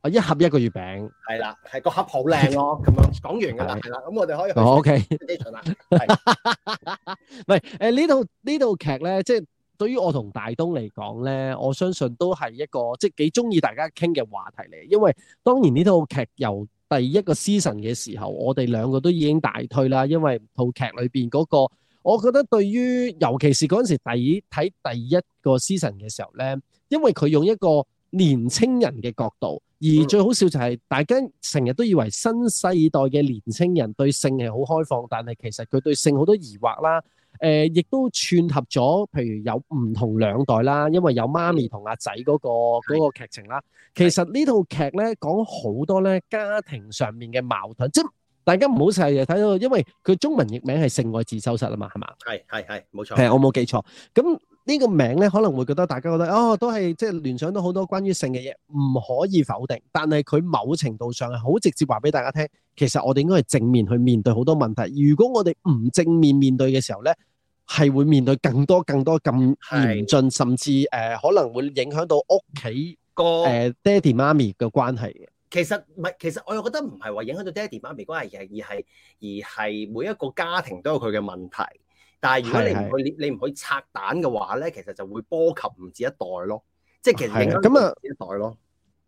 啊！一盒一個月餅，係啦，係個盒好靚咯，咁樣講完噶啦，係啦，咁我哋可以。我 OK，飛機場啦。係，喂，誒，呢套呢套劇咧，即係對於我同大東嚟講咧，我相信都係一個即係幾中意大家傾嘅話題嚟，因為當然呢套劇由第一個 season 嘅時候，我哋兩個都已經大推啦，因為套劇裏邊嗰個，我覺得對於尤其是嗰陣時第睇第一個 season 嘅時候咧，因為佢用一個。年青人嘅角度，而最好笑就係大家成日都以為新世代嘅年青人對性係好開放，但係其實佢對性好多疑惑啦。誒，亦都串合咗，譬如有唔同兩代啦，因為有媽咪同阿仔嗰個嗰個劇情啦。其實呢套劇咧講好多咧家庭上面嘅矛盾，即係大家唔好細嘅睇到，因為佢中文譯名係《性愛自修室》啊嘛，係嘛？係係係，冇錯。係我冇記錯，咁。呢個名咧，可能會覺得大家覺得哦，都係即係聯想到好多關於性嘅嘢，唔可以否定。但係佢某程度上係好直接話俾大家聽，其實我哋應該係正面去面對好多問題。如果我哋唔正面面對嘅時候咧，係會面對更多更多咁嚴峻，係。甚至誒、呃、可能會影響到屋企個誒爹地媽咪嘅關係嘅。其實唔係，其實我又覺得唔係話影響到爹地媽咪關係嘅，而係而係每一個家庭都有佢嘅問題。但係如果你唔去你唔去拆彈嘅話咧，其實就會波及唔止一代咯。即係的其實影響唔止一代咯。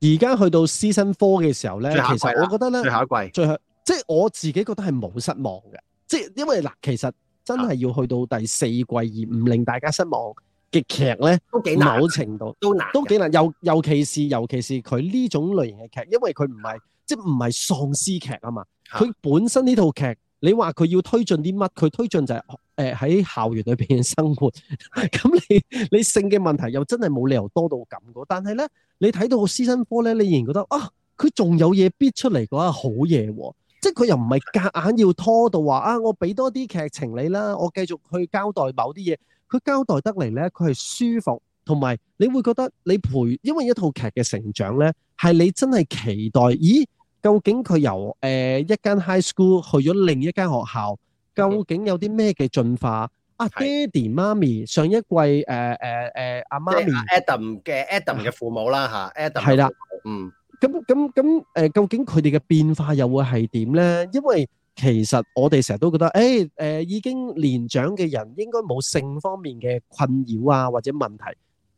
而家、嗯、去到《私生科》嘅時候咧，其實我覺得咧，最後一季，最後即係我自己覺得係冇失望嘅。即係因為嗱，其實真係要去到第四季而唔令大家失望嘅劇咧，都幾難，某程度都難，都幾難。尤其尤其是尤其是佢呢種類型嘅劇，因為佢唔係即係唔係喪屍劇啊嘛。佢的本身呢套劇，你話佢要推進啲乜？佢推進就係、是。誒，喺、呃、校園裏邊嘅生活，咁 你你性嘅問題又真係冇理由多到咁噶。但係咧，你睇到個師生科咧，你仍然覺得啊，佢仲有嘢逼出嚟嘅話，好嘢，哦。即係佢又唔係夾硬要拖到話啊，我俾多啲劇情你啦，我繼續去交代某啲嘢。佢交代得嚟咧，佢係舒服，同埋你會覺得你陪，因為一套劇嘅成長咧，係你真係期待。咦，究竟佢由誒，呃、一間 high school 去咗另一間學校？究竟有啲咩嘅進化啊？爹哋媽咪上一季，誒誒誒，阿媽咪 Adam 嘅 Adam 嘅父母啦吓，Adam 係啦，嗯，咁咁咁誒，究竟佢哋嘅變化又會係點咧？因為其實我哋成日都覺得，誒誒，已經年長嘅人應該冇性方面嘅困擾啊，或者問題。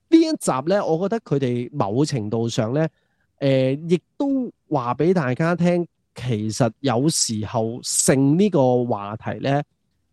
呢一集咧，我覺得佢哋某程度上咧，誒，亦都話俾大家聽。其實有時候性呢個話題呢，誒、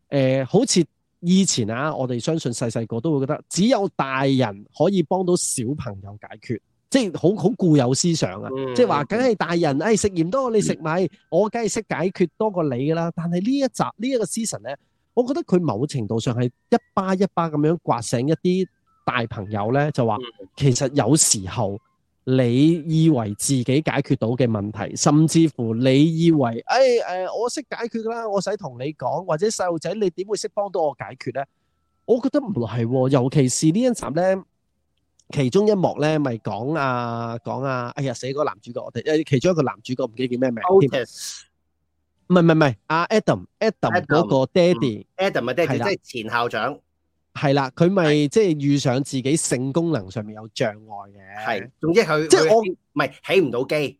呃，好似以前啊，我哋相信細細個都會覺得只有大人可以幫到小朋友解決，即係好好固有思想啊，即係話梗係大人，誒、哎，食鹽多你食米，我梗係識解決多過你啦。但係呢一集呢一、這個思 e 呢，我覺得佢某程度上係一巴一巴咁樣刮醒一啲大朋友呢，就話其實有時候。你以為自己解決到嘅問題，甚至乎你以為誒誒，我識解決噶啦，我使同你講，或者細路仔你點會識幫到我解決咧？我覺得唔係，尤其是呢一集咧，其中一幕咧咪講啊講啊，哎呀死嗰個男主角，我哋誒其中一個男主角唔記得叫咩名 Otis，唔係唔係唔係阿 Adam Adam 嗰個爹哋，Adam 咪爹哋，即係前校長。係啦，佢咪即係遇上自己性功能上面有障礙嘅。係，總之佢即係我唔係起唔到機。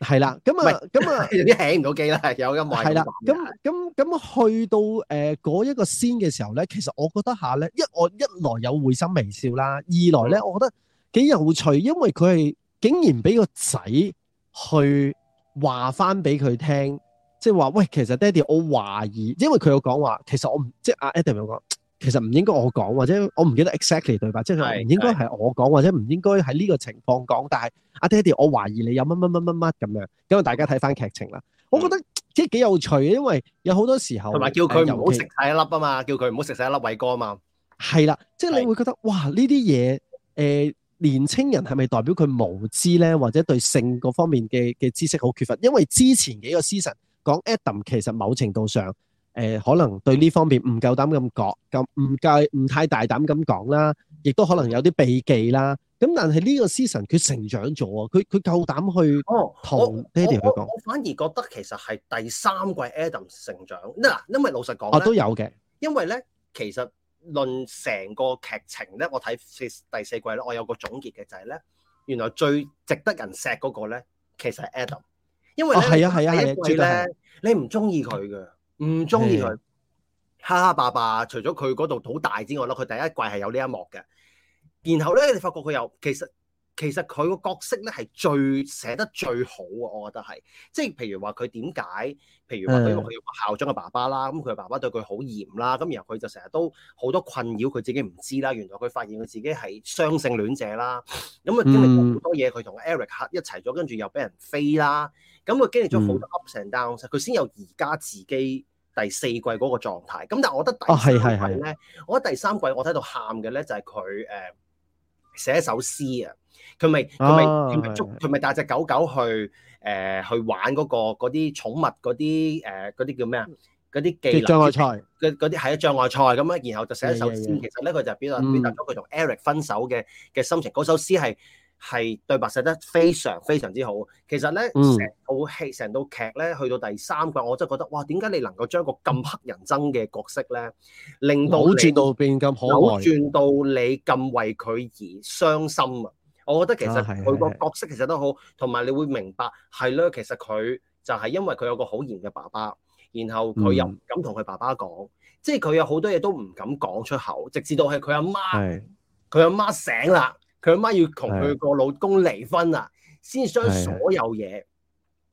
係啦，咁、嗯、啊，咁啊是，啲起唔到機啦，有咁壞的。係啦，咁咁咁去到誒嗰、呃、一個 scene 嘅時候咧，其實我覺得下咧，一我一來有會心微笑啦，二來咧，我覺得幾有趣，因為佢係竟然俾個仔去話翻俾佢聽，即係話喂，其實爹哋我懷疑，因為佢有講話，其實我唔即係阿 Adam 有講。其實唔應該我講，或者我唔記得 exactly 對吧，即係唔應該係我講，或者唔應該喺呢個情況講。但係阿爹哋，我懷疑你有乜乜乜乜乜咁樣。咁啊，大家睇翻劇情啦。我覺得即係幾有趣，因為有好多時候同埋叫佢唔好食曬一粒啊嘛？叫佢唔好食曬一粒偉哥啊嘛？係啦，即係你會覺得哇！呢啲嘢誒，年青人係咪代表佢無知咧？或者對性嗰方面嘅嘅知識好缺乏？因為之前幾個 season 講 Adam 其實某程度上。誒、呃，可能對呢方面唔夠膽咁講，咁唔介唔太大膽咁講啦，亦都可能有啲避忌啦。咁但係呢個 season 佢成長咗啊，佢佢夠膽去同爹哋去講。我反而覺得其實係第三季 Adam 成長。嗱，因為老實講，啊、哦、都有嘅。因為咧，其實論成個劇情咧，我睇四第四季咧，我有個總結嘅就係咧，原來最值得人錫嗰個咧，其實係 Adam。因為咧，係啊係啊，啊啊啊你知你唔中意佢嘅。唔中意佢，哈哈！爸爸，除咗佢嗰度好大之外咯，佢第一季係有呢一幕嘅。然後咧，你發覺佢又其實其實佢個角色咧係最寫得最好嘅，我覺得係，即係譬如話佢點解，譬如話佢佢校長嘅爸爸啦，咁佢的爸爸對佢好嚴啦，咁然後佢就成日都好多困擾佢自己唔知啦。原來佢發現佢自己係雙性戀者啦。咁啊、嗯，經歷咁多嘢佢同 Eric 一齊咗，跟住又俾人飛啦。咁佢經歷咗好多 up and down，佢先有而家自己第四季嗰個狀態。咁但係我覺得第三季咧，我覺得第三季我睇到喊嘅咧就係佢誒寫一首詩啊！佢咪佢咪佢咪捉佢咪帶隻狗狗去誒去玩嗰個嗰啲寵物嗰啲誒嗰啲叫咩啊？嗰啲技能障礙賽，嗰嗰啲係啊障礙賽咁啊！然後就寫一首詩，其實咧佢就表達表達咗佢同 Eric 分手嘅嘅心情。嗰首詩係。係對白寫得非常非常之好，其實咧成、嗯、套戲成套劇咧去到第三季，我真係覺得哇！點解你能夠將個咁黑人憎嘅角色咧，令到扭轉到變咁可愛，扭轉到你咁為佢而傷心啊！我覺得其實佢個角色其實都好，同埋你會明白係咧，其實佢就係因為佢有個好嚴嘅爸爸，然後佢又唔敢同佢爸爸講，嗯、即係佢有好多嘢都唔敢講出口，直至到係佢阿媽，佢阿媽醒啦。佢阿媽要同佢個老公離婚啊，的先將所有嘢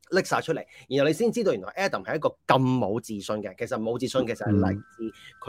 拎晒出嚟，的然後你先知道原來 Adam 係一個咁冇自信嘅。其實冇自信其實係嚟自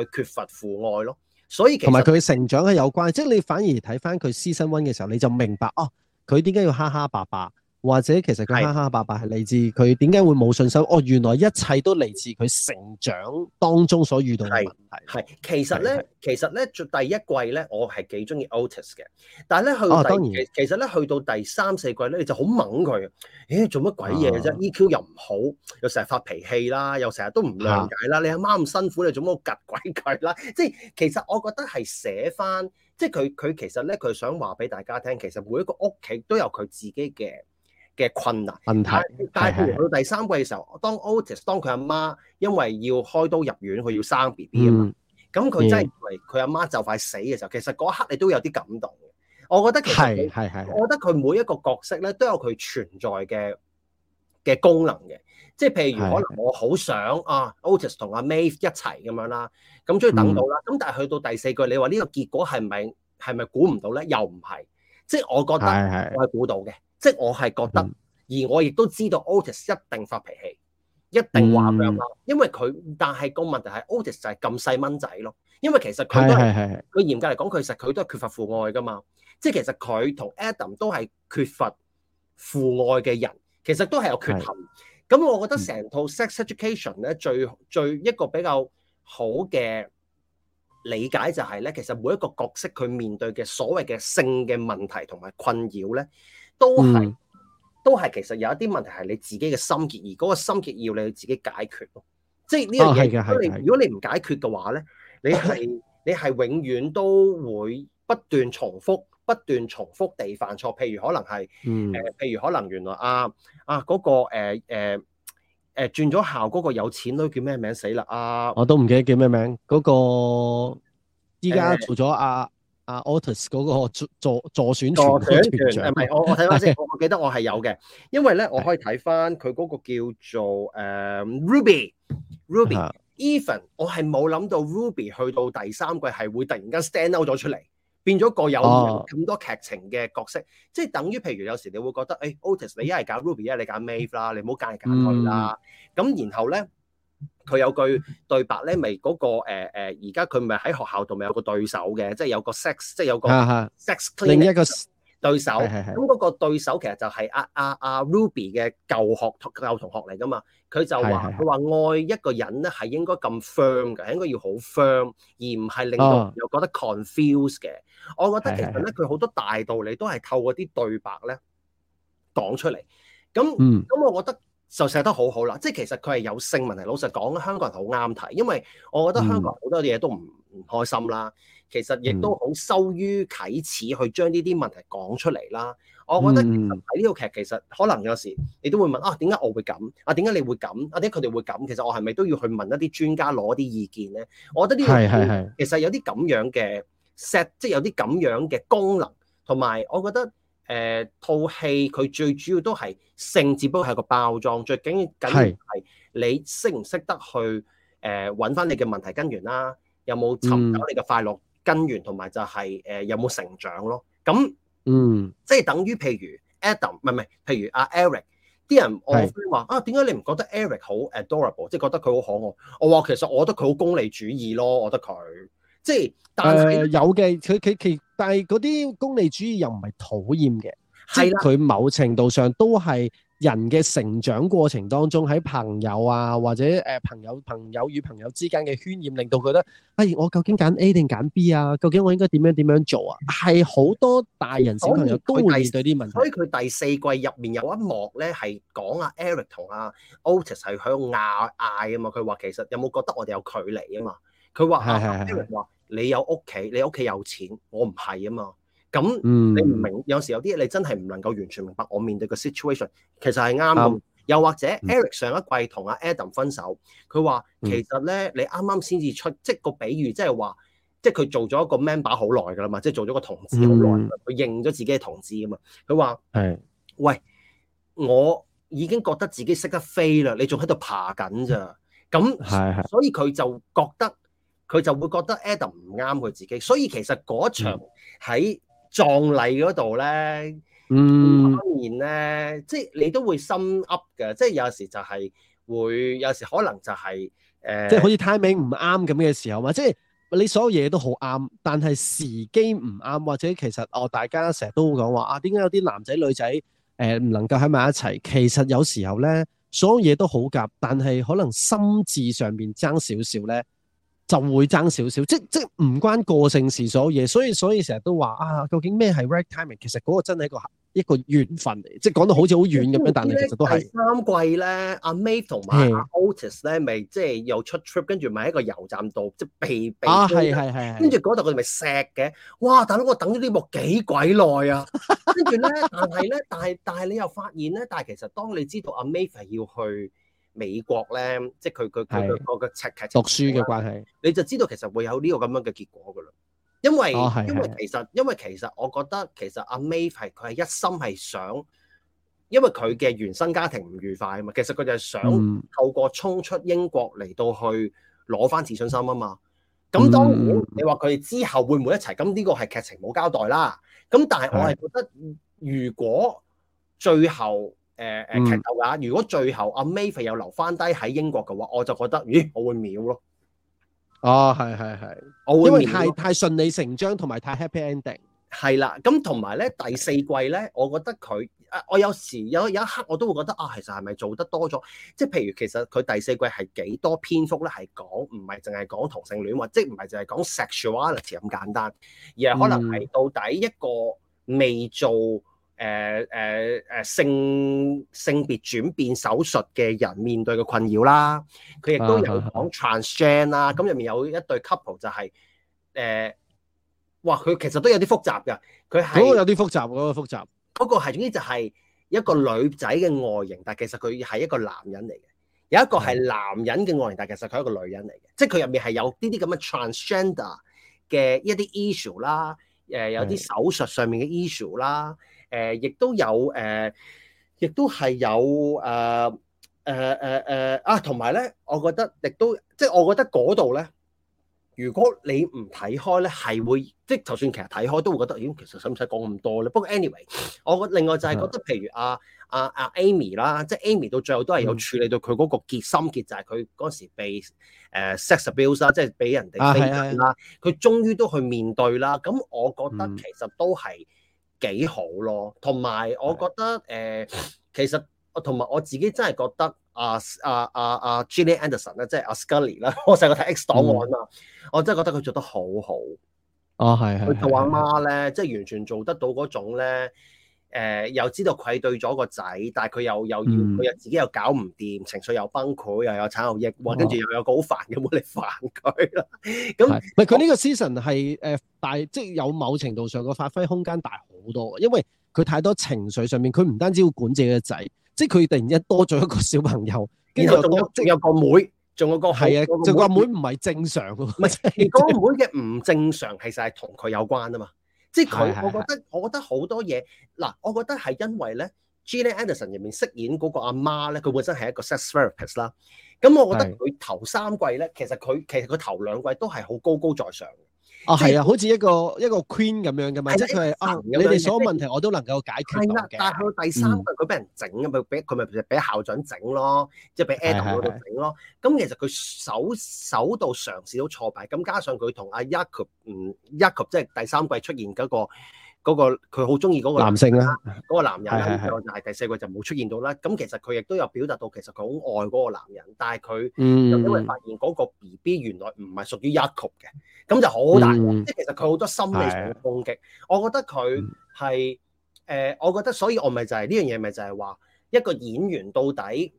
佢缺乏父愛咯。所以同埋佢成長係有關，即係你反而睇翻佢 Season 1嘅時候，你就明白哦，佢點解要哈哈爸爸？或者其實佢哈哈白白係嚟自佢點解會冇信心？哦，原來一切都嚟自佢成長當中所遇到嘅問題。係其實咧，其實咧，第一季咧，我係幾中意 Otis 嘅，但係咧，去第其實咧，去到第三四季咧，你就好掹佢。誒做乜鬼嘢啫？EQ 又唔好，又成日發脾氣啦，又成日都唔諒解啦。你阿媽咁辛苦，你做乜夾鬼佢啦？即係其實我覺得係寫翻，即係佢佢其實咧，佢想話俾大家聽，其實每一個屋企都有佢自己嘅嘅困難，但係但係去到第三季嘅時候，當 Otis 當佢阿媽因為要開刀入院，佢要生 B B 啊嘛，咁佢真係以為佢阿媽就快死嘅時候，其實嗰一刻你都有啲感動嘅。我覺得其實係係我覺得佢每一個角色咧都有佢存在嘅嘅功能嘅，即係譬如可能我好想啊 Otis 同阿 May 一齊咁樣啦，咁終於等到啦。咁但係去到第四季，你話呢個結果係咪係咪估唔到咧？又唔係，即係我覺得我係估到嘅。即係我係覺得，而我亦都知道 Otis 一定發脾氣，一定話佢啊，因為佢，但係個問題係 Otis 就係咁細蚊仔咯。因為其實佢係係係，佢嚴 格嚟講，其實佢都係缺乏父愛噶嘛。即係其實佢同 Adam 都係缺乏父愛嘅人，其實都係有缺陷。咁 我覺得成套 Sex Education 咧，最最一個比較好嘅理解就係、是、咧，其實每一個角色佢面對嘅所謂嘅性嘅問題同埋困擾咧，都係，都係，其實有一啲問題係你自己嘅心結，而、那、嗰個心結要你去自己解決咯。即係呢樣嘢，哦、如果你唔解決嘅話咧，你係、哦、你係永遠都會不斷重複、不斷重複地犯錯。譬如可能係誒，嗯、譬如可能原來阿啊嗰、啊那個誒誒誒轉咗校嗰個有錢佬叫咩名？死啦！啊，我都唔記得叫咩名嗰、那個，依家做咗啊。啊啊 Otis 嗰個助助助選團長，唔係， 我我睇翻先， 我記得我係有嘅，因為咧我可以睇翻佢嗰個叫做誒、呃、Ruby，Ruby，Even 我係冇諗到 Ruby 去到第三季係會突然間 stand out 咗出嚟，變咗個有咁多劇情嘅角色，啊、即係等於譬如有時你會覺得，誒 Otis 你一係搞 Ruby，一係你搞 Mave 啦，你唔好揀嚟揀去啦，咁然後咧。佢有句對白咧，咪、那、嗰個誒誒，而家佢咪喺學校度咪有個對手嘅，即係有個 sex，即係有個 sex clinic 另一個對手，咁嗰個對手其實就係阿、啊、阿阿、啊啊、Ruby 嘅舊學舊同學嚟噶嘛。佢就話佢話愛一個人咧，係應該咁 firm 嘅，應該要好 firm，而唔係令到又覺得 confuse 嘅。啊、我覺得其實咧，佢好多大道理都係透過啲對白咧講出嚟。咁咁，我覺得。就寫得好好啦，即係其實佢係有性問題。老實講，香港人好啱睇，因為我覺得香港好多嘢都唔開心啦。嗯、其實亦都好羞於啓齒去將呢啲問題講出嚟啦。我覺得喺呢套劇其實可能有時你都會問啊，點解我會咁？啊，點解你會咁？啊，點解佢哋會咁、啊？其實我係咪都要去問一啲專家攞啲意見咧？我覺得呢套劇是是是其實有啲咁樣嘅 set，是即係有啲咁樣嘅功能，同埋我覺得。誒、uh, 套戲佢最主要都係性，只不過係個包裝，最緊緊係是你識唔識得去誒揾翻你嘅問題根源啦、啊，有冇尋找你嘅快樂根源，同埋、嗯、就係、是、誒、呃、有冇成長咯。咁嗯，即係等於譬如 Adam 唔係唔係，譬如阿 Eric 啲人我 friend 話是啊，點解你唔覺得 Eric 好 adorable，即係覺得佢好可愛？我話其實我覺得佢好功利主義咯，我覺得佢。即係誒、呃、有嘅，佢佢其但係嗰啲功利主義又唔係討厭嘅，的即佢某程度上都係人嘅成長過程當中，喺朋友啊或者誒、呃、朋友朋友與朋友之間嘅渲染，令到佢覺得哎我究竟揀 A 定揀 B 啊？究竟我應該點樣點樣做啊？係好多大人小朋友都會面對啲問題。所以佢第，第四季入面有一幕咧，係講阿 Eric 同阿 Otis 係喺度嗌嗌啊嘛。佢話其實有冇覺得我哋有距離啊嘛？佢話：即係話你有屋企，是是是你屋企有錢，我唔係啊嘛。咁你唔明，嗯、有時有啲嘢你真係唔能夠完全明白。我面對嘅 situation 其實係啱。嗯、又或者 Eric 上一季同阿 Adam 分手，佢話、嗯、其實咧，你啱啱先至出，即係個比喻，即係話，即係佢做咗一個 member 好耐㗎啦嘛，即係做咗個同志好耐，佢、嗯、認咗自己係同志啊嘛。佢話：係是，喂，我已經覺得自己識得飛啦，你仲喺度爬緊咋？咁，係係。所以佢就覺得，覺得。佢就會覺得 Adam 唔啱佢自己，所以其實嗰場喺葬禮嗰度咧，嗯，然面咧，即係你都會心噏嘅，即係有時就係會，有時可能就係、是、誒、呃，即係好似 timing 唔啱咁嘅時候嘛，即係你所有嘢都好啱，但係時機唔啱，或者其實哦，大家成日都會講話啊，點解有啲男仔女仔誒唔能夠喺埋一齊？其實有時候咧，所有嘢都好夾，但係可能心智上面爭少少咧。就會爭少少，即即唔關個性事所有嘢，所以所以成日都話啊，究竟咩係 right timing？其實嗰個真係一個一個緣分嚟，即講到好似好遠咁樣，知知但係其實都係。三季咧，阿 May 同埋阿 Otis 咧，咪是即係又出 trip，跟住咪喺個油站度，即被被，被啊係係係，跟住嗰度佢哋咪錫嘅，哇，大佬我等咗啲幕幾鬼耐啊，跟住咧，但係咧，但係但係你又發現咧，但係其實當你知道阿 May 係要去。美國咧，即係佢佢佢個個劇劇情讀書嘅關係，的你就知道其實會有呢個咁樣嘅結果噶啦。因為、哦、因為其實因為其實我覺得其實阿 May 係佢係一心係想，因為佢嘅原生家庭唔愉快啊嘛。其實佢就係想透過衝出英國嚟到去攞翻自信心啊嘛。咁當然，你話佢哋之後會唔會一齊？咁呢個係劇情冇交代啦。咁但係我係覺得如果最後誒誒劇鬥㗎！嗯、如果最後阿 May 肥又留翻低喺英國嘅話，我就覺得，咦，我會秒咯。哦，係係係，我因為太太順理成章，同埋太 happy ending。係啦，咁同埋咧第四季咧，我覺得佢，我有時有有一刻我都會覺得，啊，其實係咪做得多咗？即係譬如其實佢第四季係幾多篇幅咧，係講唔係淨係講同性戀或即唔係淨係講 sexuality 咁簡單，而係可能係到底一個未做誒誒誒性性別轉變手術嘅人面對嘅困擾啦，佢亦都有講 transgender 啦、啊。咁入面有一對 couple 就係、是、誒、呃，哇！佢其實都有啲複雜㗎，佢係有啲複雜，嗰、那個複雜。嗰個係總之就係一個女仔嘅外形，但其實佢係一個男人嚟嘅。有一個係男人嘅外形，嗯、但其實佢係一個女人嚟嘅。即係佢入面係有啲啲咁嘅 transgender 嘅一啲 issue 啦，誒、呃、有啲手術上面嘅 issue 啦。嗯嗯誒，亦、uh, 都有，誒、呃，亦都係有，誒、呃，誒、呃，誒，誒，啊，同埋咧，我覺得亦都，即係我覺得嗰度咧，如果你唔睇開咧，係會，即係就算其實睇開，都會覺得，咦、欸，其實使唔使講咁多咧？不過 anyway，我覺得另外就係覺得，譬如阿阿阿 Amy 啦，即係 Amy 到最後都係有處理到佢嗰個結心結，嗯、就係佢嗰時被誒、uh, sex abuse 啦、啊，即係俾人哋啦，佢、啊啊啊、終於都去面對啦。咁我覺得其實都係。幾好咯，同埋我覺得誒、呃，其實我同埋我自己真係覺得阿阿阿阿 Gillian Anderson 咧，即係阿 Scully 啦，我成日睇 X 檔案啊、嗯、我真係覺得佢做得好好啊，係佢同阿媽咧，即係完全做得到嗰種咧。誒、呃、又知道愧對咗個仔，但係佢又又要佢又自己又搞唔掂，嗯、情緒又崩潰，又有產後抑鬱，跟住又有個好煩嘅妹嚟煩佢啦。咁唔係佢呢個 season 係誒大，即、就、係、是、有某程度上個發揮空間大好多，因為佢太多情緒上面，佢唔單止要管自己個仔，即係佢突然間多咗一個小朋友，跟住仲有，有個妹，仲有個係啊，就個阿妹唔係正常，係個妹嘅唔正常其實係同佢有關啊嘛。即係佢，我覺得是是是我覺得好多嘢，嗱，是是是我覺得係因為咧，Gina Anderson 入面飾演嗰個阿媽咧，佢本身係一個 sex therapist 啦。咁、嗯、我覺得佢頭三季咧是是，其實佢其實佢頭兩季都係好高高在上嘅。哦，係啊，是好似一個、就是、一個 queen 咁樣嘅嘛，的即係佢係啊，你哋所有問，問題我都能夠解決到嘅。係啦，但係到第三季佢俾人整嘅嘛，俾佢咪俾校長整咯，即係俾 Adam 嗰度整咯。咁的其實佢首首到嘗試到挫敗，咁加上佢同阿 Jacob 嗯 Jacob 即係第三季出現嗰個。嗰個佢好中意嗰個男性啦，嗰個男人又就係第四個就冇出現到啦。咁其實佢亦都有表達到其實佢好愛嗰個男人，但係佢因為發現嗰個 B B 原來唔係屬於一曲嘅，咁就好大，即係、嗯、其實佢好多心理上嘅攻擊。的我覺得佢係誒，我覺得所以我咪就係呢樣嘢咪就係話一個演員到底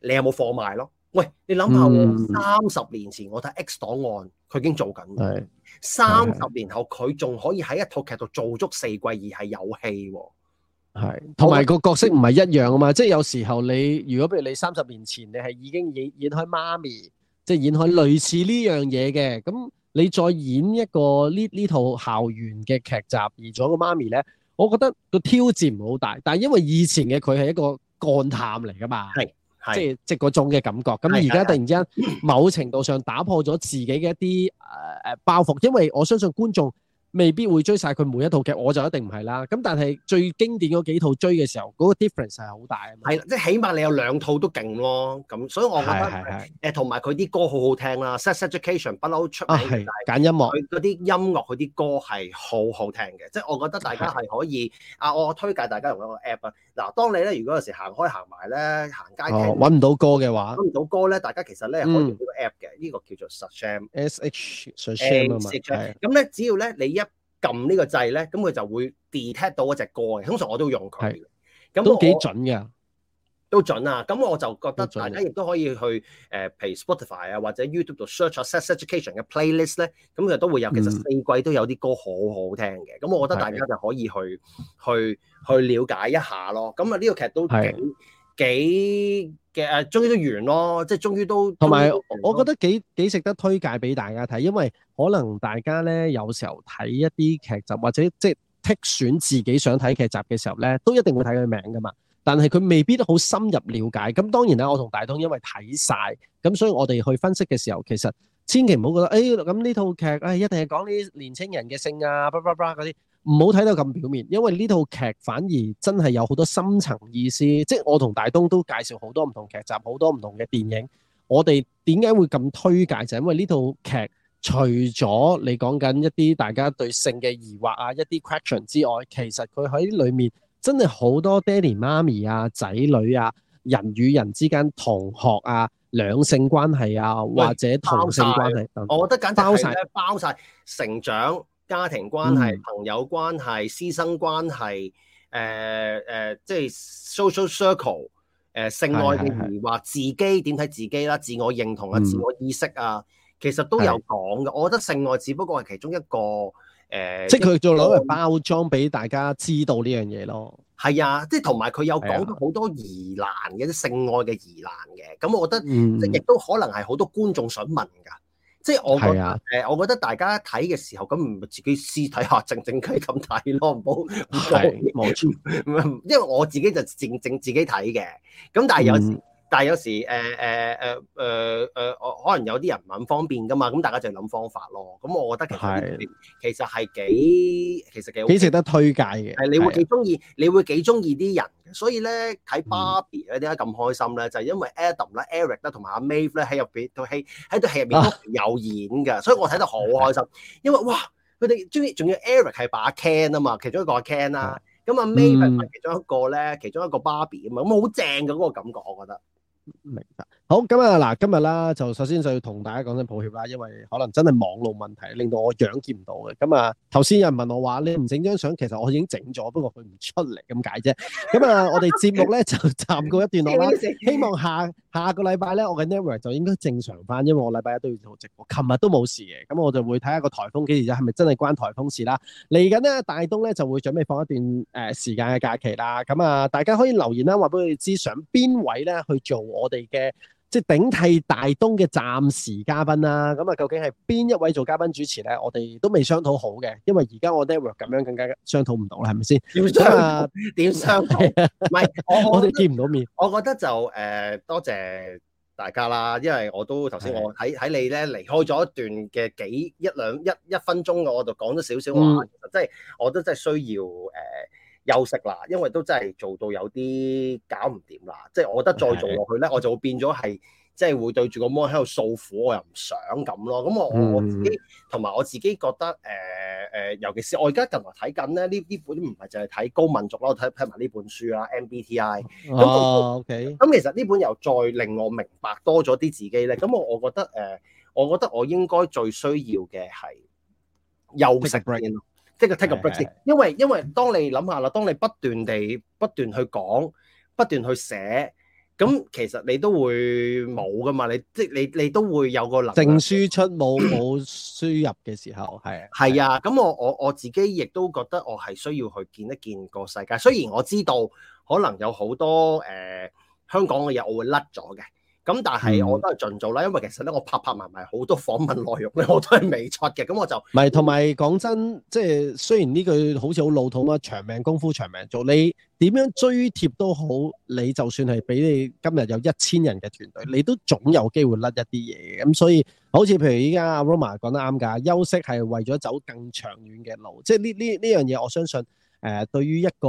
你有冇貨賣咯？喂，你諗下，三十、嗯、年前我睇《X 檔案》，佢已經做緊。係三十年後，佢仲可以喺一套劇度做足四季而係有戲。係同埋個角色唔係一樣啊嘛，即係有時候你如果譬如你三十年前你係已經演演開媽咪，即係演開類似呢樣嘢嘅，咁你再演一個，一個媽媽呢呢套校園嘅劇集而做個媽咪咧，我覺得個挑戰唔好大，但係因為以前嘅佢係一個幹探嚟噶嘛。係。即係即嗰種嘅感覺，咁而家突然之間，某程度上打破咗自己嘅一啲誒誒包袱，因為我相信觀眾未必會追曬佢每一套劇，我就一定唔係啦。咁但係最經典嗰幾套追嘅時候，嗰個 difference 係好大啊嘛。係，即係起碼你有兩套都勁咯。咁所以我覺得誒，同埋佢啲歌好好聽啦。Sex Education 不嬲出名，但係佢嗰啲音樂佢啲歌係好好聽嘅。即係我覺得大家係可以啊，我推介大家用一個 app 啊。嗱，當你咧如果有時行開行埋咧行街揾唔到歌嘅話，揾唔到歌咧，大家其實咧可以用呢個 app 嘅，呢個叫做 Shazam S H Shazam 啊嘛。係，咁咧只要咧你一撳呢個掣咧，咁佢就會 detect 到一隻歌嘅。通常我都用佢，咁的我都幾準嘅，都準啊。咁我就覺得大家亦都可以去誒，譬如 Spotify 啊或者 YouTube 度 search sex education 嘅 playlist 咧，咁其實都會有。其實四季都有啲歌好好聽嘅。咁我覺得大家就可以去的去去了解一下咯。咁、嗯、啊，呢、這個劇都幾的幾。嘅誒、啊，終於都完咯，即係終於都。同埋有我覺得幾幾值得推介俾大家睇，因為可能大家咧有時候睇一啲劇集，或者即係剔選自己想睇劇集嘅時候咧，都一定會睇佢名噶嘛。但係佢未必都好深入了解。咁當然啦，我同大東因為睇晒，咁所以我哋去分析嘅時候，其實千祈唔好覺得，誒咁呢套劇誒、哎、一定係講啲年青人嘅性啊，巴拉巴拉嗰啲。唔好睇到咁表面，因為呢套劇反而真係有好多深層意思。即係我同大東都介紹好多唔同劇集，好多唔同嘅電影。我哋點解會咁推介？就係因為呢套劇除咗你講緊一啲大家對性嘅疑惑啊，一啲 question 之外，其實佢喺裏面真係好多爹哋媽咪啊、仔女啊、人與人之間、同學啊、兩性關係啊，喂或者同性關係。包晒，嗯、我覺得簡直係包晒，包晒成長。家庭關係、朋友關係、師生關係、誒誒，即係 social circle，誒性愛嘅疑惑，自己點睇自己啦，自我認同啊，自我意識啊，其實都有講嘅。我覺得性愛只不過係其中一個誒，即係佢做攞嚟包裝俾大家知道呢樣嘢咯。係啊，即係同埋佢有講到好多疑難嘅，啲性愛嘅疑難嘅。咁我覺得即亦都可能係好多觀眾想問㗎。即係我覺得，是啊呃、我覺得大家睇嘅時候，咁唔係自己私睇下靜靜雞咁睇咯，唔好唔好望住，是啊、 因為我自己就靜靜自己睇嘅，咁但係有時。嗯但係有時誒誒誒誒誒，可能有啲人唔肯方便噶嘛，咁大家就諗方法咯。咁我覺得其實其實係幾其實幾幾值得推介嘅。係你會幾中意，你會幾中意啲人。所以咧睇芭比咧點解咁開心咧？嗯、就係因為 Adam 啦、Eric 啦同埋阿 May 咧喺入邊套戲喺套戲入面都有演㗎，啊、所以我睇得好開心。啊、因為哇，佢哋中意、啊，仲要 Eric 係把 Ken 啊嘛，其中一個 Ken 啦，咁阿 May 係其中一個咧，其中一個芭比啊嘛，咁好正嘅嗰個感覺，我覺得覺。明白，好咁啊嗱，今日啦就首先就要同大家講聲抱歉啦，因為可能真係網絡問題令到我樣見唔到嘅，咁啊頭先有人問我話你唔整張相，其實我已經整咗，不過佢唔出嚟咁解啫。咁啊我哋節目咧就暫告一段落啦，希望下下個禮拜咧我嘅 network 就應該正常翻，因為我禮拜一都要做直播，琴日都冇事嘅，咁我就會睇下個台風幾時就係咪真係關台風事啦。嚟緊咧大東咧就會準備放一段誒時間嘅假期啦，咁啊大家可以留言啦，話俾佢知想邊位咧去做，我哋嘅即係頂替大東嘅暫時嘉賓啦，啊，咁啊究竟係邊一位做嘉賓主持咧？我哋都未商討好嘅，因為而家我哋咁樣更加商討唔到啦，係咪先？要商啊？點商？唔係我我哋見唔到面。我覺得， 我我覺得就誒、呃、多謝大家啦，因為我都頭先我喺喺你咧離開咗一段嘅幾一兩一一分鐘，我我就講咗少少話，其實即係、嗯、 我都真係需要誒。呃呃休息啦，因為都真係做到有啲搞唔掂啦。即係我覺得再做落去咧，的我就會變咗係即係會對住個魔喺度訴苦，我又唔想咁咯。咁我我自己同埋、嗯、我自己覺得誒誒、呃呃，尤其是我而家近來睇緊咧呢呢本唔係淨係睇高敏族咯，睇睇埋呢本書啦 MBTI。MB 嗯、哦，有哦，OK。咁其實呢本又再令我明白多咗啲自己咧。咁我我覺得誒、呃，我覺得我應該最需要嘅係休息。即係 take break 因為因為當你諗下啦，當你不斷地不斷去講，不斷，去，不斷去寫，咁其實你都會冇㗎嘛，你即係你你都會有個能力正輸出冇冇輸入嘅時候，係 啊，係啊，咁我我我自己亦都覺得我係需要去見一見個世界，雖然我知道可能有好多誒、呃、香港嘅嘢我會甩咗嘅。咁但係我都係盡做啦，因為其實咧我拍拍埋埋好多訪問內容咧，我都係未出嘅。咁我就唔係同埋講真，即係雖然呢句好似好老土啦，長命功夫長命做。你點樣追貼都好，你就算係俾你今日有一千人嘅團隊，你都總有機會甩一啲嘢。咁所以好似譬如依家阿 Roma 講得啱㗎，休息係為咗走更長遠嘅路。即係呢呢呢樣嘢，我相信。誒、呃、對於一個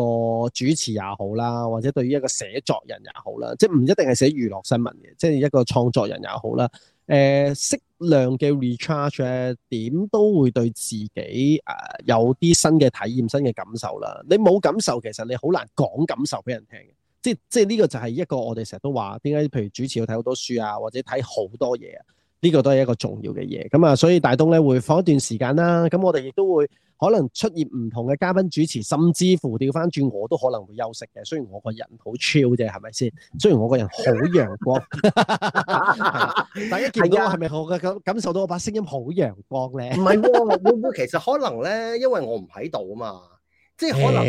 主持也好啦，或者對於一個寫作人也好啦，即係唔一定係寫娛樂新聞嘅，即係一個創作人也好啦。誒、呃、適量嘅 recharge 咧、啊，點都會對自己誒、呃、有啲新嘅體驗、新嘅感受啦。你冇感受，其實你好難講感受俾人聽嘅。即係呢個就係一個我哋成日都話點解，譬如主持要睇好多書啊，或者睇好多嘢啊，呢、這個都係一個重要嘅嘢。咁啊，所以大東咧會放一段時間啦，咁我哋亦都會。可能出現唔同嘅嘉賓主持，甚至乎調翻轉，我都可能會休息嘅。雖然我個人好 chill 啫，i 係咪先？雖然我個人好陽光， 大家一見到的是是我係咪我嘅感感受到我把聲音好陽光咧？唔係喎，會唔會其實可能咧？因為我唔喺度啊嘛，即係可能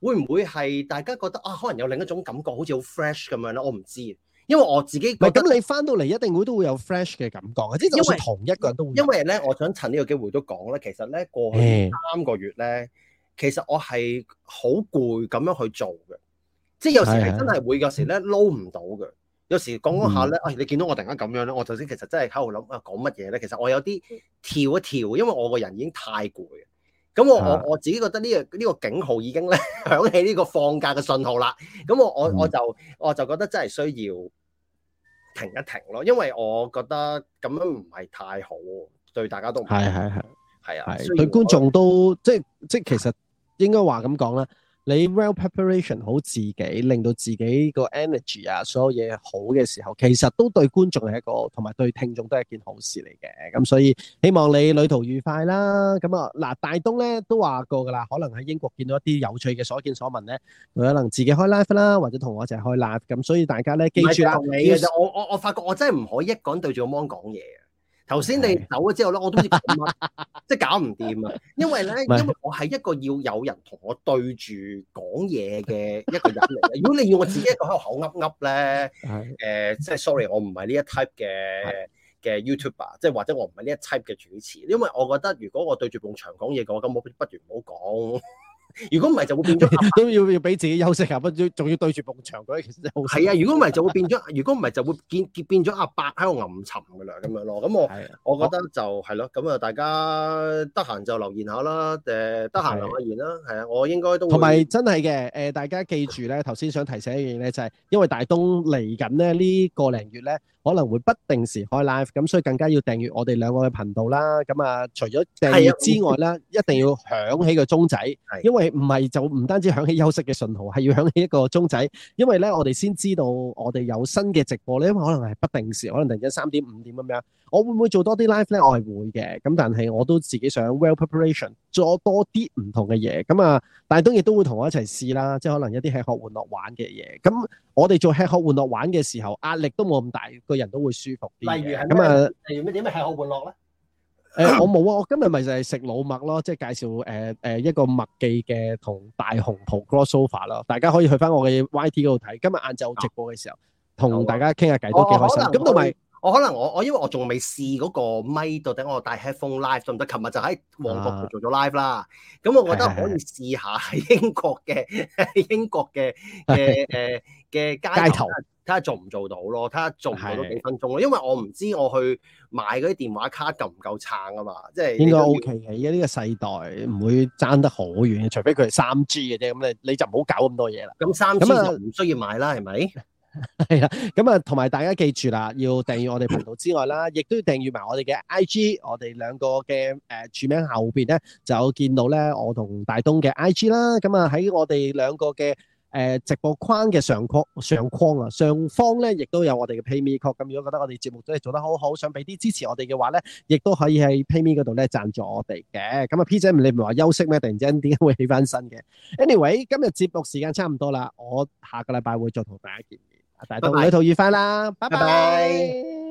會唔會係大家覺得啊？可能有另一種感覺，好似好 fresh 咁樣咧？我唔知。因為我自己咪咁，你翻到嚟一定會都會有 flash 嘅感覺，或者就算同一個人都會。因為咧，我想趁呢個機會都講咧，其實咧過去三個月咧，嗯、其實我係好攰咁樣去做嘅，即係有時係真係會、嗯、有時咧撈唔到嘅，有時講講下咧，啊、嗯哎、你見到我突然間咁樣咧，我頭先其實真係喺度諗啊講乜嘢咧，其實我有啲跳一跳，因為我個人已經太攰。咁我我我自己覺得呢個呢個警號已經咧響起呢個放假嘅信號啦。咁我我我就我就覺得真係需要停一停咯，因為我覺得咁樣唔係太好，對大家都係係係係啊，對觀眾都即即其實應該話咁講啦。你 well preparation 好自己，令到自己個 energy 啊，所有嘢好嘅時候，其實都對觀眾係一個，同埋對聽眾都係一件好事嚟嘅。咁所以希望你旅途愉快啦。咁啊，嗱，大東咧都話過噶啦，可能喺英國見到一啲有趣嘅所見所聞咧，佢可能自己開 live 啦，或者同我一齊開 live。咁所以大家咧記住啦。唔係同你嘅，其實我我我發覺我真係唔可以一個人對住個 mon 講嘢。頭先你走咗之後咧， 我都唔知點講啊， 即係搞唔掂啊，因為咧， 因為我係一個要有人同我對住講嘢嘅一個人嚟。 如果你要我自己一個喺度口噏噏咧，誒、 呃，即、就、係、是、sorry，我唔係呢一 type 嘅嘅 YouTuber，即係 或者我唔係呢一 type 嘅主持，因為我覺得如果我對住埲牆講嘢嘅話，咁我不如唔好講。 如果唔係，就會變咗都要要俾自己休息啊！不，要仲要對住幅牆嗰啲，其實好係啊！如果唔係，就會變咗；如果唔係，就會變變變咗阿伯喺度吟沉噶啦咁樣咯。咁我的我覺得就係咯，咁啊好，大家得閒就留言下啦。誒，得閒留下言啦。係啊，我應該都會同埋真係嘅。誒，大家記住咧，頭先想提醒一樣嘢，就係因為大東嚟緊咧呢個零月咧。 可能會不定時開 live，咁所以更加要訂閱我哋兩個嘅頻道啦。咁啊，除咗訂閱之外咧，一定要響起個鐘仔，因為唔係就唔單止響起休息嘅信號，係要響起一個鐘仔，因為咧我哋先知道我哋有新嘅直播咧，因為可能係不定時，可能突然間三點五點咁樣。我會唔會做多啲 live 咧？我係會嘅，咁但係我都自己想 well preparation 做多啲唔同嘅嘢咁啊！大東亦都會同我一齊試啦，即係可能一啲係吃喝玩樂玩嘅嘢。咁我哋做吃喝玩樂玩嘅時候，壓力都冇咁大，個人都會舒服啲。例如係咩？例如咩？點咩吃喝玩樂咧？誒，我冇啊！我今日咪就係食老麥咯，即係介紹誒誒一個麥記嘅同大紅袍 crossover 啦。大家可以去翻我嘅 YT 嗰度睇。今日晏晝直播嘅時候，同大家傾下偈都幾開心。咁同埋，我可能我我因為我仲未試嗰個咪，到底我戴 headphone live 得唔得？琴日就喺旺角做咗 live 啦，咁、啊、我覺得可以試下喺英國嘅英國嘅嘅誒嘅街頭，睇下做唔做到咯，睇下做唔做到幾分鐘咯，的因為我唔知我去買嗰啲電話卡夠唔夠撐啊嘛，即係應該 OK 嘅。而家呢個世代唔會爭得好遠，除非佢係三 G 嘅啫，咁你你就唔好搞咁多嘢啦。咁三 G 麼就唔需要買啦，係咪？係啦，咁啊，同埋大家記住啦，要訂閱我哋頻道之外啦，亦都要訂閱埋我哋嘅 IG，我哋兩個嘅誒署名後邊咧就有見到咧我同大東嘅 IG 啦。咁啊喺我哋兩個嘅誒直播框嘅上框上框啊上方咧，亦都有我哋嘅 PayMe code。咁如果覺得我哋節目真係做得好好，想俾啲支持我哋嘅話咧，亦都可以喺 PayMe 嗰度咧贊助我哋嘅。咁啊 P 姐唔你唔係話休息咩？突然之間點解會起翻身嘅？Anyway 今日節目時間差唔多啦，我下個禮拜會再同大家見面。大東旅途愉快啦，拜拜。